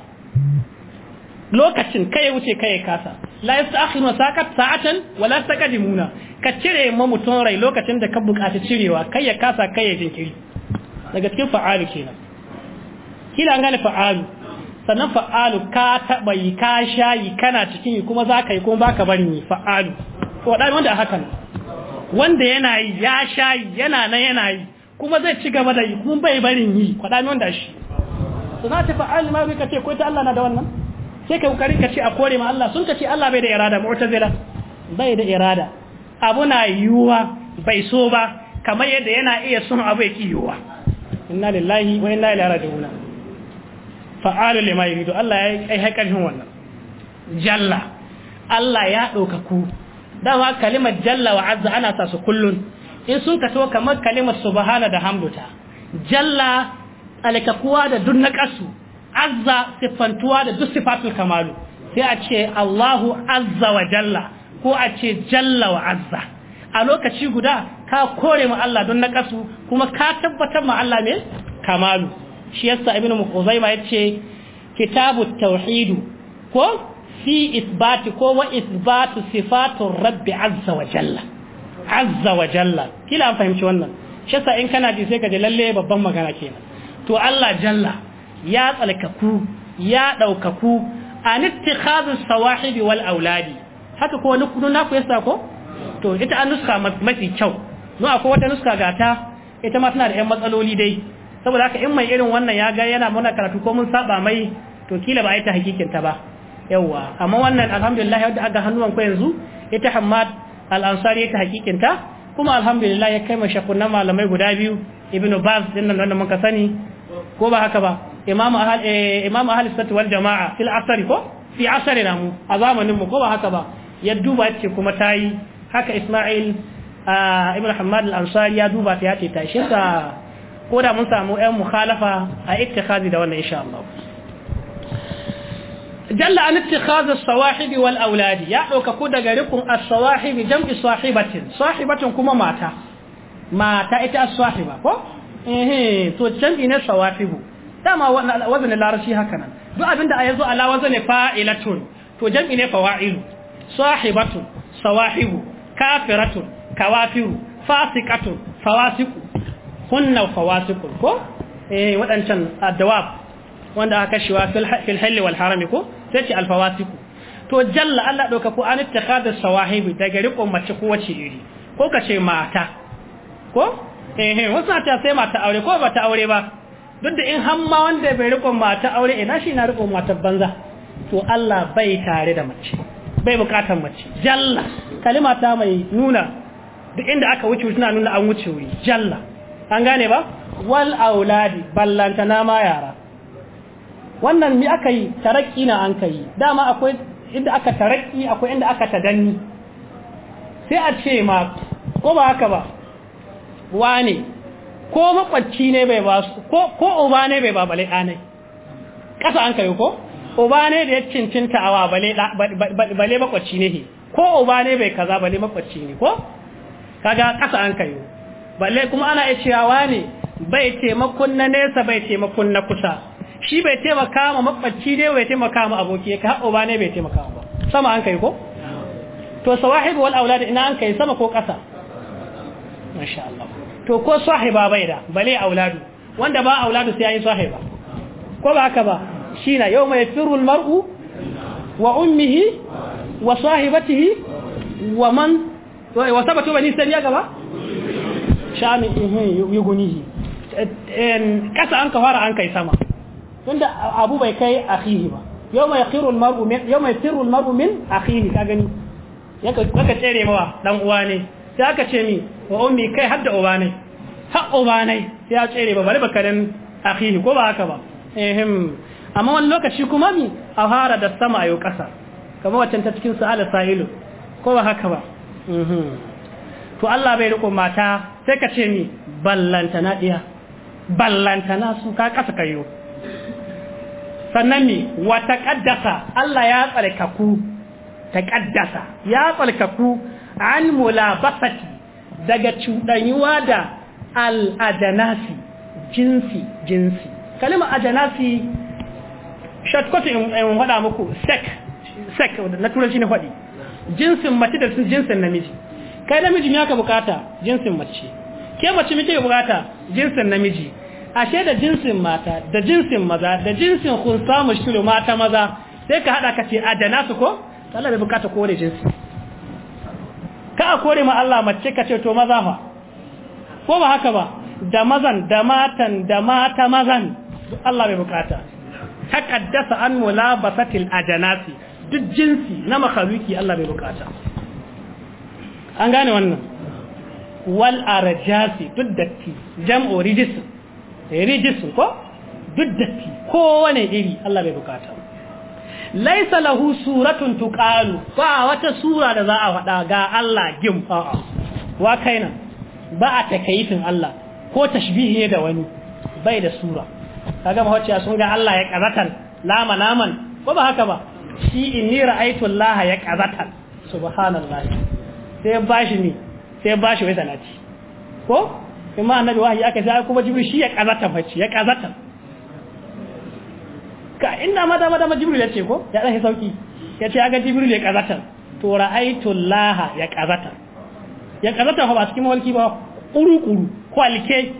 lokacin kai ya wuce kai ya kasa la yastakhiru saqat sa'atan wala taqdimuna ka cire ma mutun rai lokacin da ka bukaci cirewa kai ya kasa kai ya jinkiri daga cikin fa'alu kenan kila an gane fa'alu sannan fa'alu ka taba yi ka shayi kana cikin yi kuma zaka yi kuma baka bari yi fa'alu to wadai wanda haka wanda yana yi ya shayi yana nan yana yi kuma zai ci gaba da yi kuma bai barin yi kwada wanda shi to ta fa'alu ma bai ka ce ko ta Allah na da wannan sai ka kokarin ka ce a kore ma Allah sun ka ce Allah bai da irada mu'tazila bai da irada abu na yiwuwa bai so ba kamar yadda yana iya son abu ya kiyuwa inna lillahi wa inna ilaihi raji'un fa'alu lima yuridu Allah ya yi haƙarfin wannan jalla Allah ya dauka ku dama kalimar jalla wa azza ana sa su kullun in sun ka to kamar kalimar subhana da hamduta jalla kuwa da dunna kasu azza siffantuwa da duk sifatul kamalu sai a ce Allahu azza wa jalla ko a ce jalla wa azza a lokaci guda ka kore mu Allah don na kuma ka tabbatar ma Allah ne kamalu shi yasa ibnu muqazzima yace kitabu tauhid ko fi isbati ko wa isbatu sifatur rabbi azza wa jalla azza wa jalla kila an fahimci wannan shi yasa in kana ji sai ka ji lalle babban magana kenan to Allah jalla ya tsalkaku ya ɗaukaku an ittikhadhu sawahibi wal auladi haka ko wani na naku yasa ko to ita an nuska mafi kyau no akwai wata nuska gata ita ma tana da yan matsaloli dai saboda haka in mai irin wannan ya ga yana muna karatu ko mun saba mai to kila ba a yi ta hakikin ta ba yawa amma wannan alhamdulillah yadda aka hannuwan ku yanzu ita Hammad al-Ansari ta hakikin ta kuma alhamdulillah ya kai mashakun malamai guda biyu Ibnu Baz dinnan wannan muka sani ko ba haka ba imam ahal eh, imam ahal sunnah wal jamaa fil asr ko fi asrina mu a zamaninmu ko ba haka ba ya duba ce kuma ta yi haka isma'il ibn hamad al ya duba ta ya ce ta shi sa ko da mun samu ɗan mukhalafa a ita ittikhazi da wannan insha Allah jalla an ita as-sawahib wal auladi ya ɗauka ku daga rikun as-sawahib jam'i sahibatin sahibatin kuma mata mata ita as-sahiba ko eh to jam'i ne sawahibu dama wazanin larashi haka nan duk abinda a yanzu ala wazanin fa'ilatun to jam'i ne fawa'ilu sahibatun sawahibu kafiratun kawafiru fasikatu fawasiku kunna fawasikun ko eh waɗancan addawab wanda aka shiwa fil halli wal harami ko sai ce al fawasiku to jalla Allah doka ku an ittakhadha sawahibu daga riƙon mace ko wace iri ko kace mata ko eh, eh wasu ta sai mata aure ko ba ta aure ba duk da in hamma wanda bai riƙon mata aure ina shi na riƙon mata banza to Allah bai tare da mace bai bukatar mace jalla kalima ta mai nuna duk inda aka wuce suna nuna an wuce wuri jalla an gane ba wal auladi ballanta na ma yara wannan mi aka yi tarakki na an kai dama akwai inda aka tarakki akwai inda aka tadanni sai a ce ma ko ba haka ba wane ko makwacci ne bai ba su ko uba ne bai ba bale ɗanai ƙasa an kayo ko uba ne da ya cincinta awa bale makwacci ne ko uba ne bai kaza bale makwacci ne ko kaga ƙasa an kayo balle kuma ana iya cewa ne bai taimakon na nesa bai taimakon na kusa shi bai taimaka ma makwacci ne bai taimaka ma aboki ka uba ne bai taimaka ba sama an kai ko to sawahibu wal aulad ina an kai sama ko ƙasa masha Allah to ko sahiba bai da bale auladu wanda ba auladu sai yayi sahiba ko ba haka ba shine yawma yafiru almar'u wa ummihi wa sahibatihi wa man wa sabatu bani sai ya gaba shami ihin yugunihi en kasa an ka fara an kai sama tunda abu bai kai akhihi ba yawma yafiru almar'u min yawma yafiru almar'u min akhihi ka gani yaka kaka tsere mawa dan uwa ne sai aka ce mi wa ummi kai hadda ubanai ha ubanai sai ya tsere ba bari bakarin akhihi ko ba haka ba ehem amma wani lokaci kuma mi a fara da sama ayo kasa kamar wacce ta cikin sa'ala sa'ilu ko ba haka ba to Allah bai riko mata sai ka ce mi ballanta na diya ballanta na su ka kasa kayo sannan mi wata Allah ya tsarkaku ta kaddasa ya tsalkaku an mulabasati daga cuɗanyuwa da al'adanasi jinsi jinsi kalima adanasi shortcut in waɗa muku sek sek na turanci ne faɗi jinsin mace da jinsin namiji kai namiji ya ka bukata jinsin mace ke mace muke bukata jinsin namiji ashe da jinsin mata da jinsin maza da jinsin kun samu shiru mata maza sai ka haɗa ka ce adanasu ko Allah bai bukata kowane jinsi ka a kore ma Allah mace ka ce to maza ma ko ba haka ba da mazan da matan da mata mazan Allah bai bukata taqaddasa an mulabasatil ajanasi duk jinsi na makhaluki Allah bai bukata an gane wannan wal arjasi duk datti jam'u rijis rijis ko duk datti kowane iri Allah bai bukata laisa lahu suratun tuqalu ba wata sura da za a faɗa ga Allah gim a wa kaina ba a takayifin Allah ko tashbihi da wani bai da sura kaga mahauciya sun ga Allah ya kazatan lama laman ko ba haka ba shi inni ra'aytu Allah ya kazatan subhanallah sai bashi ne sai bashi wai sanati. ko imma annabi wahayi aka sai kuma jibril shi ya kazatan fa ya kazatan ka inda ma dama dama jibril ya ce ko ya dan sauki ya ce aga jibril ya kazata to ra'aytu laha ya kazata ya kazata ba cikin mulki ba kuru kuru kwalke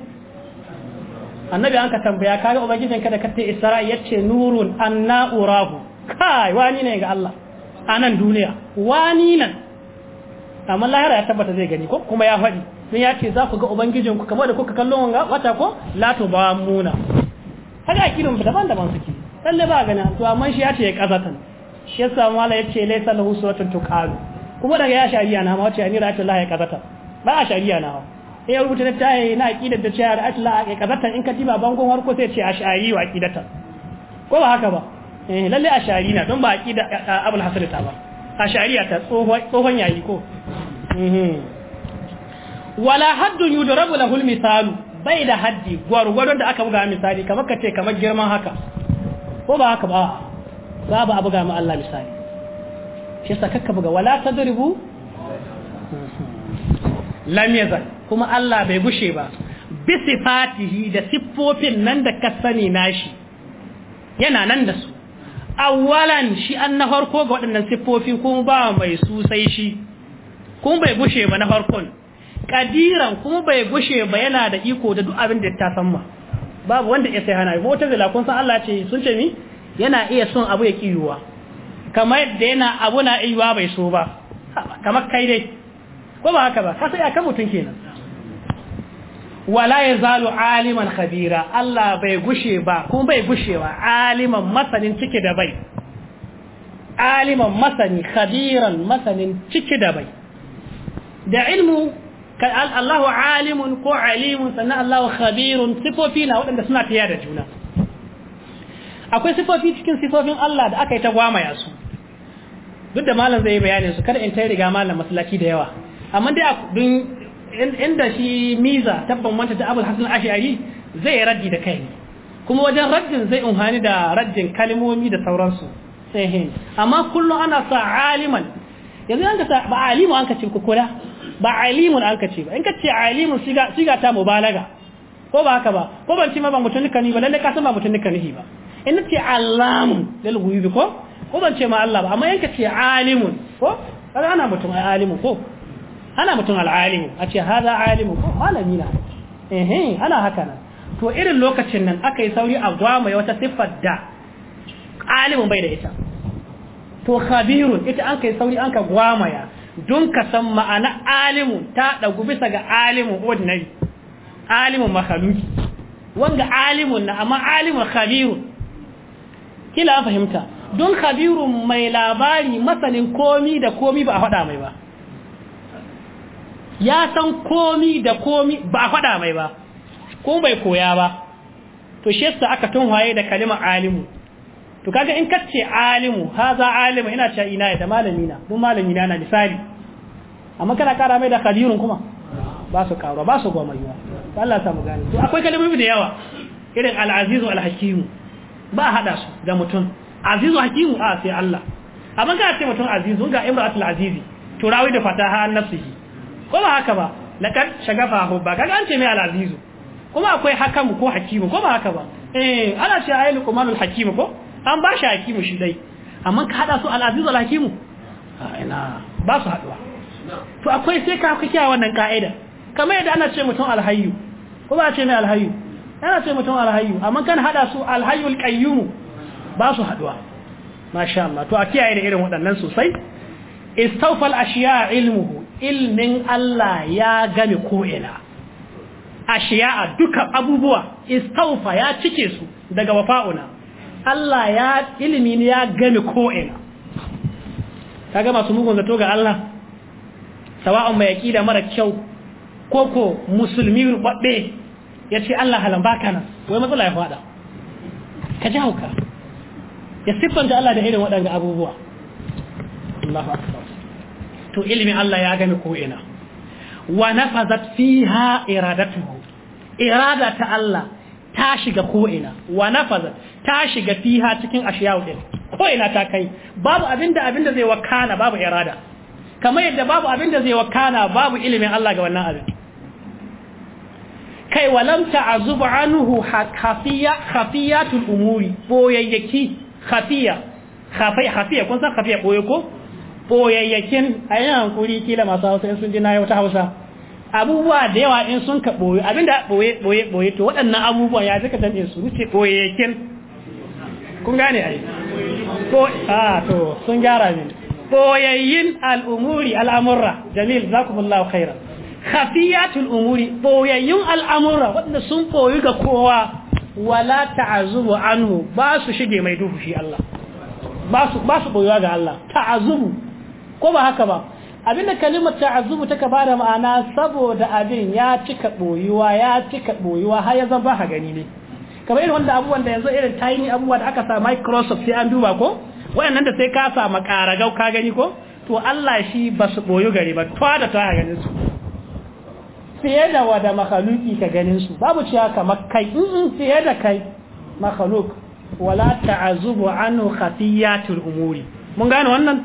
annabi an ka tambaya kaga ubangijin ka da isra'i ya ce nurun anna urahu kai wani ne ga Allah a nan duniya wani nan amma lahira ya tabbata zai gani ko kuma ya faɗi sun ya ce za ku ga ubangijin ku kamar da kuka kallon wata ko ba muna haka akidun daban-daban suke lalle ba gana to amma shi ya ce ya qazatan shi yasa mala ce laysa lahu suratun tuqal kuma daga ya shari'a na ma wace ani ra'ata la ya qazatan ba a shari'a na wa. eh ya rubuta ta yi na aqidar da cewa ra'ata la ya qazatan in ka diba bangon harko sai ce shari'a wa aqidatan ko ba haka ba eh lalle shari'a na don ba aqida abul hasan ta ba A shari'a ta tsohon yayi ko eh, eh. wala haddun yudrabu lahu al-misalu bai da haddi gwargwadon da aka buga misali kamar ka ce kamar girman haka ko ba haka ba ba abu ga mu Allah misali shi sa kakka buga wala tadribu lam yazal kuma Allah bai gushe ba bi sifatihi da siffofin nan da ka nashi yana nan da su awalan shi an na harko ga waɗannan siffofi kuma ba mai su shi kuma bai gushe ba na farkon kadiran kuma bai gushe ba yana da iko da duk abin da ta samma babu wanda ya sai hana ko wata zila kun san Allah ce sun ce mi yana iya son abu ya kiyuwa kamar yadda yana abu na iyuwa bai so ba kamar kai dai ko ba haka ba ka sai akan mutun kenan wala yazalu aliman khabira Allah bai gushe ba kuma bai gushewa aliman masanin ciki da bai aliman masani khabiran masanin ciki da bai da ilmu Allahu alimun ko alimun sannan Allahu khabirun sifofi na waɗanda suna tiya da juna akwai sifofi cikin sifofin Allah da aka yi ta gwamaya su duk da malam zai yi bayanin su kada in ta riga malam masallaci da yawa amma dai dun inda shi miza tabban wanta ta abul hasan ash'ari zai raddi da kai kuma wajen raddin zai umhani da raddin kalmomi da sauransu amma kullum ana sa aliman yanzu an ka ba alimu an ka cin kukura ba alimun an ka ce ba in ka ce alimun siga siga ta mubalaga ko ba haka ba ko ban ce ma ba mutun nika ni ba lalle ka san ba mutun nika ni ba in na ce allamu lil ghuyub ko ko ban ce ma Allah ba amma in ka ce alimun ko kaga ana mutun alimu ko ana mutun al'alimu a ce hada alimu ko malami na eh eh ana haka nan to irin lokacin nan aka yi sauri a gwamaye wata siffar da alimun bai da ita to khabirun ita an kai sauri an ka gwamaya don ka san ma'ana alimu ta ɗagu bisa ga alimu ordinary alimu makhaluki wanga alimun na amma alimun khabiru kila fahimta don khabiru mai labari masanin komi da komi ba a faɗa mai ba ya san komi da komi ba a faɗa mai ba ko bai koya ba to shi yasa aka waye da kalimar alimu to kaga in kace alimu haza alimu ina cewa ina da malami na mun malami na na misali amma kana kara mai da kadirun kuma ba su karo ba su goma yawa Allah ta mu gane to akwai kalmomi da yawa irin al aziz al hakim ba hada su da mutum azizu hakimu a sai Allah amma ka ce mutum azizu ga imratul aziz to rawi da fataha an nafsihi ko ba haka ba laqad shagafa hu ba kaga an ce mai al aziz kuma akwai hakamu ko hakimu ko ba haka ba eh ana ce ayi luqmanul hakimu ko an ba shi hakimu shi dai amma ka hada su al'azizu al'hakimu ina ba su haduwa to akwai sai ka kiya wannan ka'ida kamar yadda ana ce mutum alhayyu ko ba ce mai alhayyu ana ce mutum alhayyu amma kan hada su alhayyul qayyum ba su haduwa masha Allah to a kiyaye da irin waɗannan sosai istawfal ashiya ilmuhu ilmin Allah ya game ko ina ashiya duka abubuwa istawfa ya cike su daga wafa'una Allah ya ilimi ne ya gami ko'ina gama su mugun zato ga Allah sawa'un mai yaƙi da mara kyau Ko ko musulmi rubabbe ya ce Allah halin baka nan wai matsala ya fada ka ji hauka ya siffanta Allah da irin waɗanda abubuwa Allahu to ilimin Allah ya gami ko'ina wa nafazat fiha iradatuhu irada ta Allah ta shiga ko'ina wa nafaza ta shiga fiha cikin ashiyawu din ko'ina ta kai babu abinda abinda zai wakana babu irada kamar yadda babu abinda zai wakana babu ilimin Allah ga wannan abin kai walam ta'azubu anuhu hafiya tun umuri boyayyaki hafiya-hafiya khafiya kun san a ko boyayyakin hankuri kila masu Hausa sun ji na yau ta Hausa abubuwa da yawa in sun ka ɓoye abinda ɓoye ɓoye ɓoye to waɗannan abubuwa ya zika dan su wuce ɓoyayyakin kun gane ai ko a to sun gyara min ɓoyayyin al'umuri al'amurra jamil zakumullahu khairan khafiyatul umuri ɓoyayyun al'amurra waɗanda sun ɓoyi ga kowa wala ta'azubu anhu ba su shige mai duhu shi Allah ba su ba su ga Allah ta'azubu ko ba haka ba abinda kalimar ta'azzubu ka bada ma'ana saboda abin ya cika boyuwa ya cika boyuwa har ya zan ba gani ne kamar irin wanda abubuwan da yanzu irin tiny abubuwa da aka sa Microsoft sai an duba ko wayannan da sai ka sa gau ka gani ko to Allah shi ba su boyu gari ba to da ta gani su fiye da wada makhluki ka ganin su babu ciya kamar kai in fiye da kai makhluk wala ta'azzubu anhu khatiyatul umuri mun gane wannan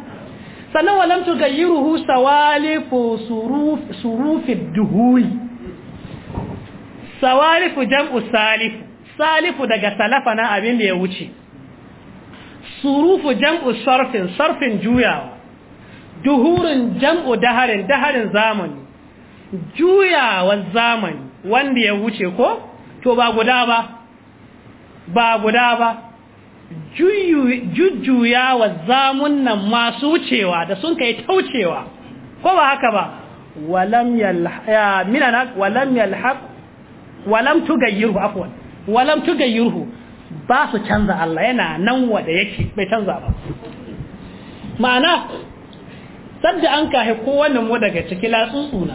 sannan walam tugayyiruhu sawalifu suruf surufi duhuri sawalifu jam'u salifu, salifu daga salafa na abin da ya wuce surufu jam'u sarfin sarfin juyawa duhurin jam'u daharin daharin zamani juyawa zamani wanda ya wuce ko to ba guda ba ba guda ba jujjuya wa zamun nan masu wucewa da sun kai taucewa ko ba haka ba walam yalha minana walam yalhaq walam afwan walam ba su canza Allah yana nan wada yake bai canza ba ma'ana sadda an kahe kowannen mu daga ciki latsutsuna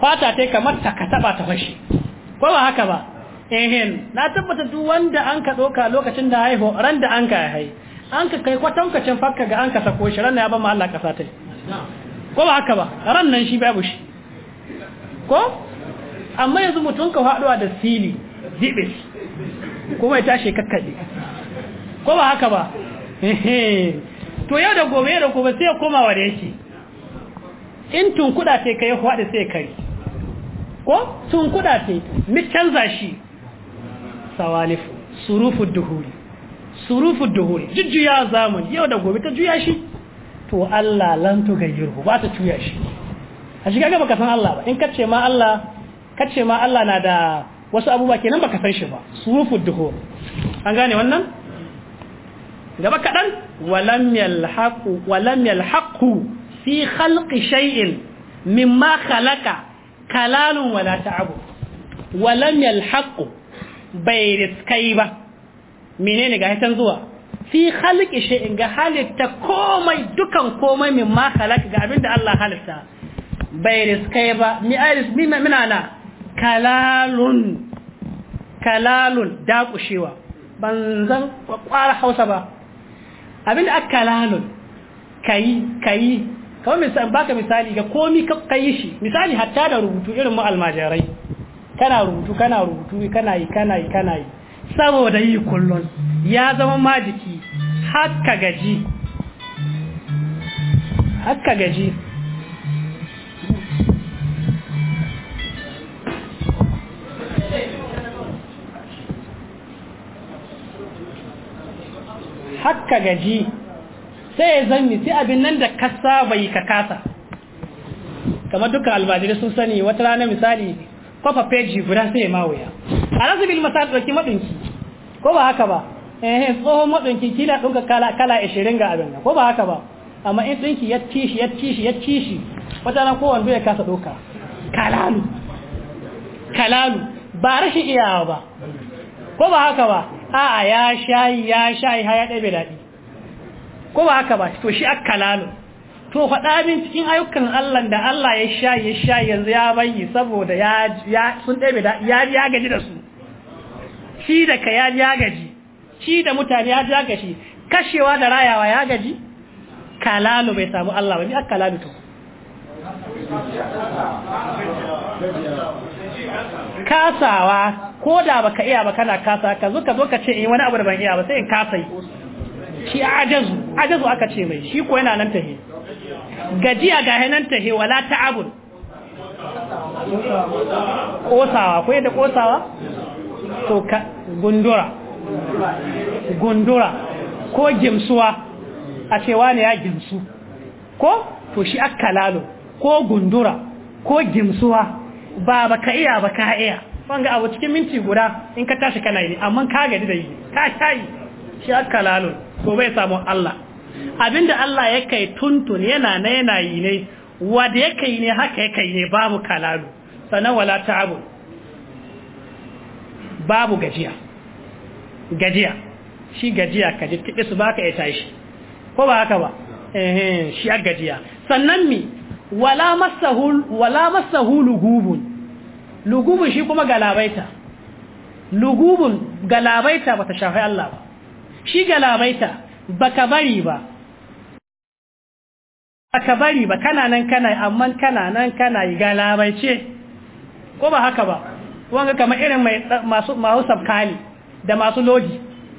fata tai kamar ta kataba ta fashi ko ba haka ba ehen na tabbata duk wanda an ka doka lokacin da haihu ran da an ka haihu an ka kai kwatankwacin fakka ga an ka sako shi ran ya ba mu Allah ka ta ko ba haka ba ran nan shi babu shi ko amma yanzu mutum ka faduwa da sili zibis kuma ya tashi kakkaɗe ko ba haka ba to yau da gobe da gobe sai ya koma wa da yake in tun kuɗa sai ka yi faɗi sai kai ko tun kuɗa sai mi canza shi sawalif surufu duhuri surufu duhuri jujjuya zamani yau da gobe ta juya shi to Allah lan tu gayyurhu ba ta juya shi a shiga ga baka san Allah ba in kace ma Allah kace ma Allah na da wasu abubuwa kenan baka san shi ba surufu duhuri an gane wannan gaba kadan walam yalhaqu walam yalhaqu fi khalqi shay'in mimma khalaqa kalalun wala ta'abu walam yalhaqu bai riskai ba menene ga hatan zuwa fi khalqi shay'in ga halitta komai dukan komai min ma khalaq ga abinda Allah halitta bai riskai ba mi aris mi mina na kalalun kalalun dakushewa ban zan kwara Hausa ba abinda akalalun kai kai kawai misali baka misali ga komi ka kai shi misali hatta da rubutu irin mu almajirai kana rubutu kana rubutu kana yi kana yi kana yi saboda yi kullun ya zama majiki haka gaji haka gaji haka gaji sai ya zanni sai abin nan da kasa bai ka kasa kamar dukkan albajiri sun sani wata rana misali kwafa feji guda sai ma wuya a nasu masar da ɗauki maɗinki ko ba haka ba eh tsohon maɗinki kila ɗinka kala kala ashirin ga abin ko ba haka ba amma in ɗinki ya tishi ya tishi ya tishi wata nan kowanne ya kasa ɗauka kalalu kalalu ba rashin iyawa ba ko ba haka ba a'a ya shayi ya shayi har ya ɗaya daɗi ko ba haka ba to shi akkalalu to faɗa min cikin ayyukan Allah da Allah ya sha ya sha yanzu ya bayi saboda ya sun ɗebe da ya ya gaji da su shi da ka ya ya gaji shi da mutane ya ya gaji kashewa da rayawa ya gaji kalalu bai samu Allah ba ni aka kalalu to kasawa ko da baka iya ba kana kasa ka zo ka zo ka ce in wani abu da ban iya ba sai in kasai shi ajazu ajazu aka ce mai shi ko yana nan tahi gajiya ga hanan ta ta ta'abun kosawa ko da kosawa to ka gundura gundura ko gimsuwa a cewa ne ya gimsu ko to shi akkalalo ko gundura ko gimsuwa ba ba ka iya ba ka iya wanga abu cikin minti guda in ka tashi kana yi amma ka gadi da yi ka shayi shi akkalalo to bai samu Allah abinda Allah ya kai tuntun yana na yana yi ne wadda ya kai ne haka ya kai ne babu kalalu sannan wala ta'abu babu gajiya gajiya shi gajiya ka ji tiɗi su baka ya tashi ko ba haka ba shi a gajiya sannan mi wala masa wala lugubun lugubun shi kuma galabaita lugubun galabaita ba ta shafi Allah ba shi galabaita baka bari ba baka bari ba kana nan kana amma kana nan kana yi ce? ko ba haka ba wanga kamar irin mai masu masu sabkali da masu loji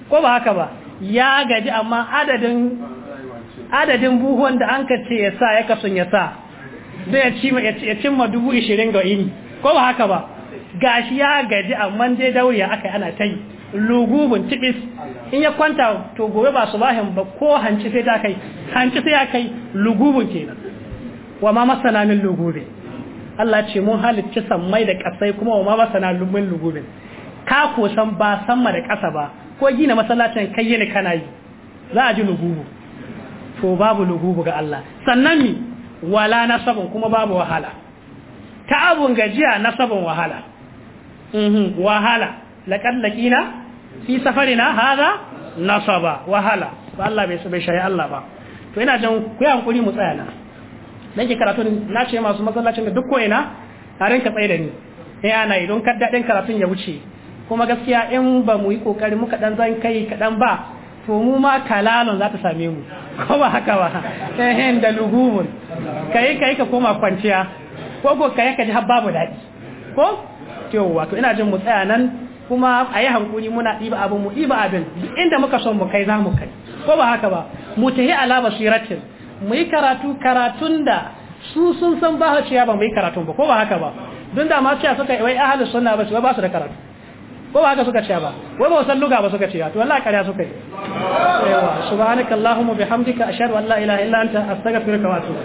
ko ba haka ba ya gaji amma adadin adadin buhuwan da an ka ce ya sa ya kasun ya sa zai ya cimma dubu 20 ga ini ko ba haka ba gashi ya gaji amma dai dauriya aka ana ta yi lugubun tibis in ya kwanta to gobe ba su bahin ba ko hanci sai ta kai hanci sai ya kai lugubun kenan wa ma masana min lugubin Allah ce mun halicci sammai da kasai kuma wa ma masana min lugubin ka ko san ba sama da kasa ba ko gina masallacin kai ne kana yi za a ji lugubu to babu lugubu ga Allah sannan mi wala nasabun kuma babu wahala Ta abun gajiya nasabun wahala mhm wahala laqad laqina fi na hada ba wahala ba Allah bai sabai shayi Allah ba to ina jan ku yi hankuri mu tsaya na dan ke karatu na ce masu masallacin da duk ko ina a rinka tsaye da ni eh ana yi don kar karatun ya wuce kuma gaskiya in ba mu yi kokari muka dan zan kai kadan ba to mu ma kalalon za ta same mu ko ba haka ba eh da lugumun kai kai ka koma kwanciya ko ko kai ka ji har babu dadi ko yauwa to ina jin mu tsaya nan kuma a yi hankuli muna ɗiba abin mu ɗiba abin inda muka son mu kai za mu kai ko ba haka ba mu tahi alaba basiratin mu yi karatu karatun da su sun san ba ciya ba mu yi karatun ba ko ba haka ba don da ma ciya suka wai ahalus suna ba su ba su da karatu ko ba haka suka ciya ba wai ba san luga ba suka ciya to wallahi kariya suka yi yawa subhanakallahumma bihamdika ashhadu an la ilaha illa anta astaghfiruka wa atubu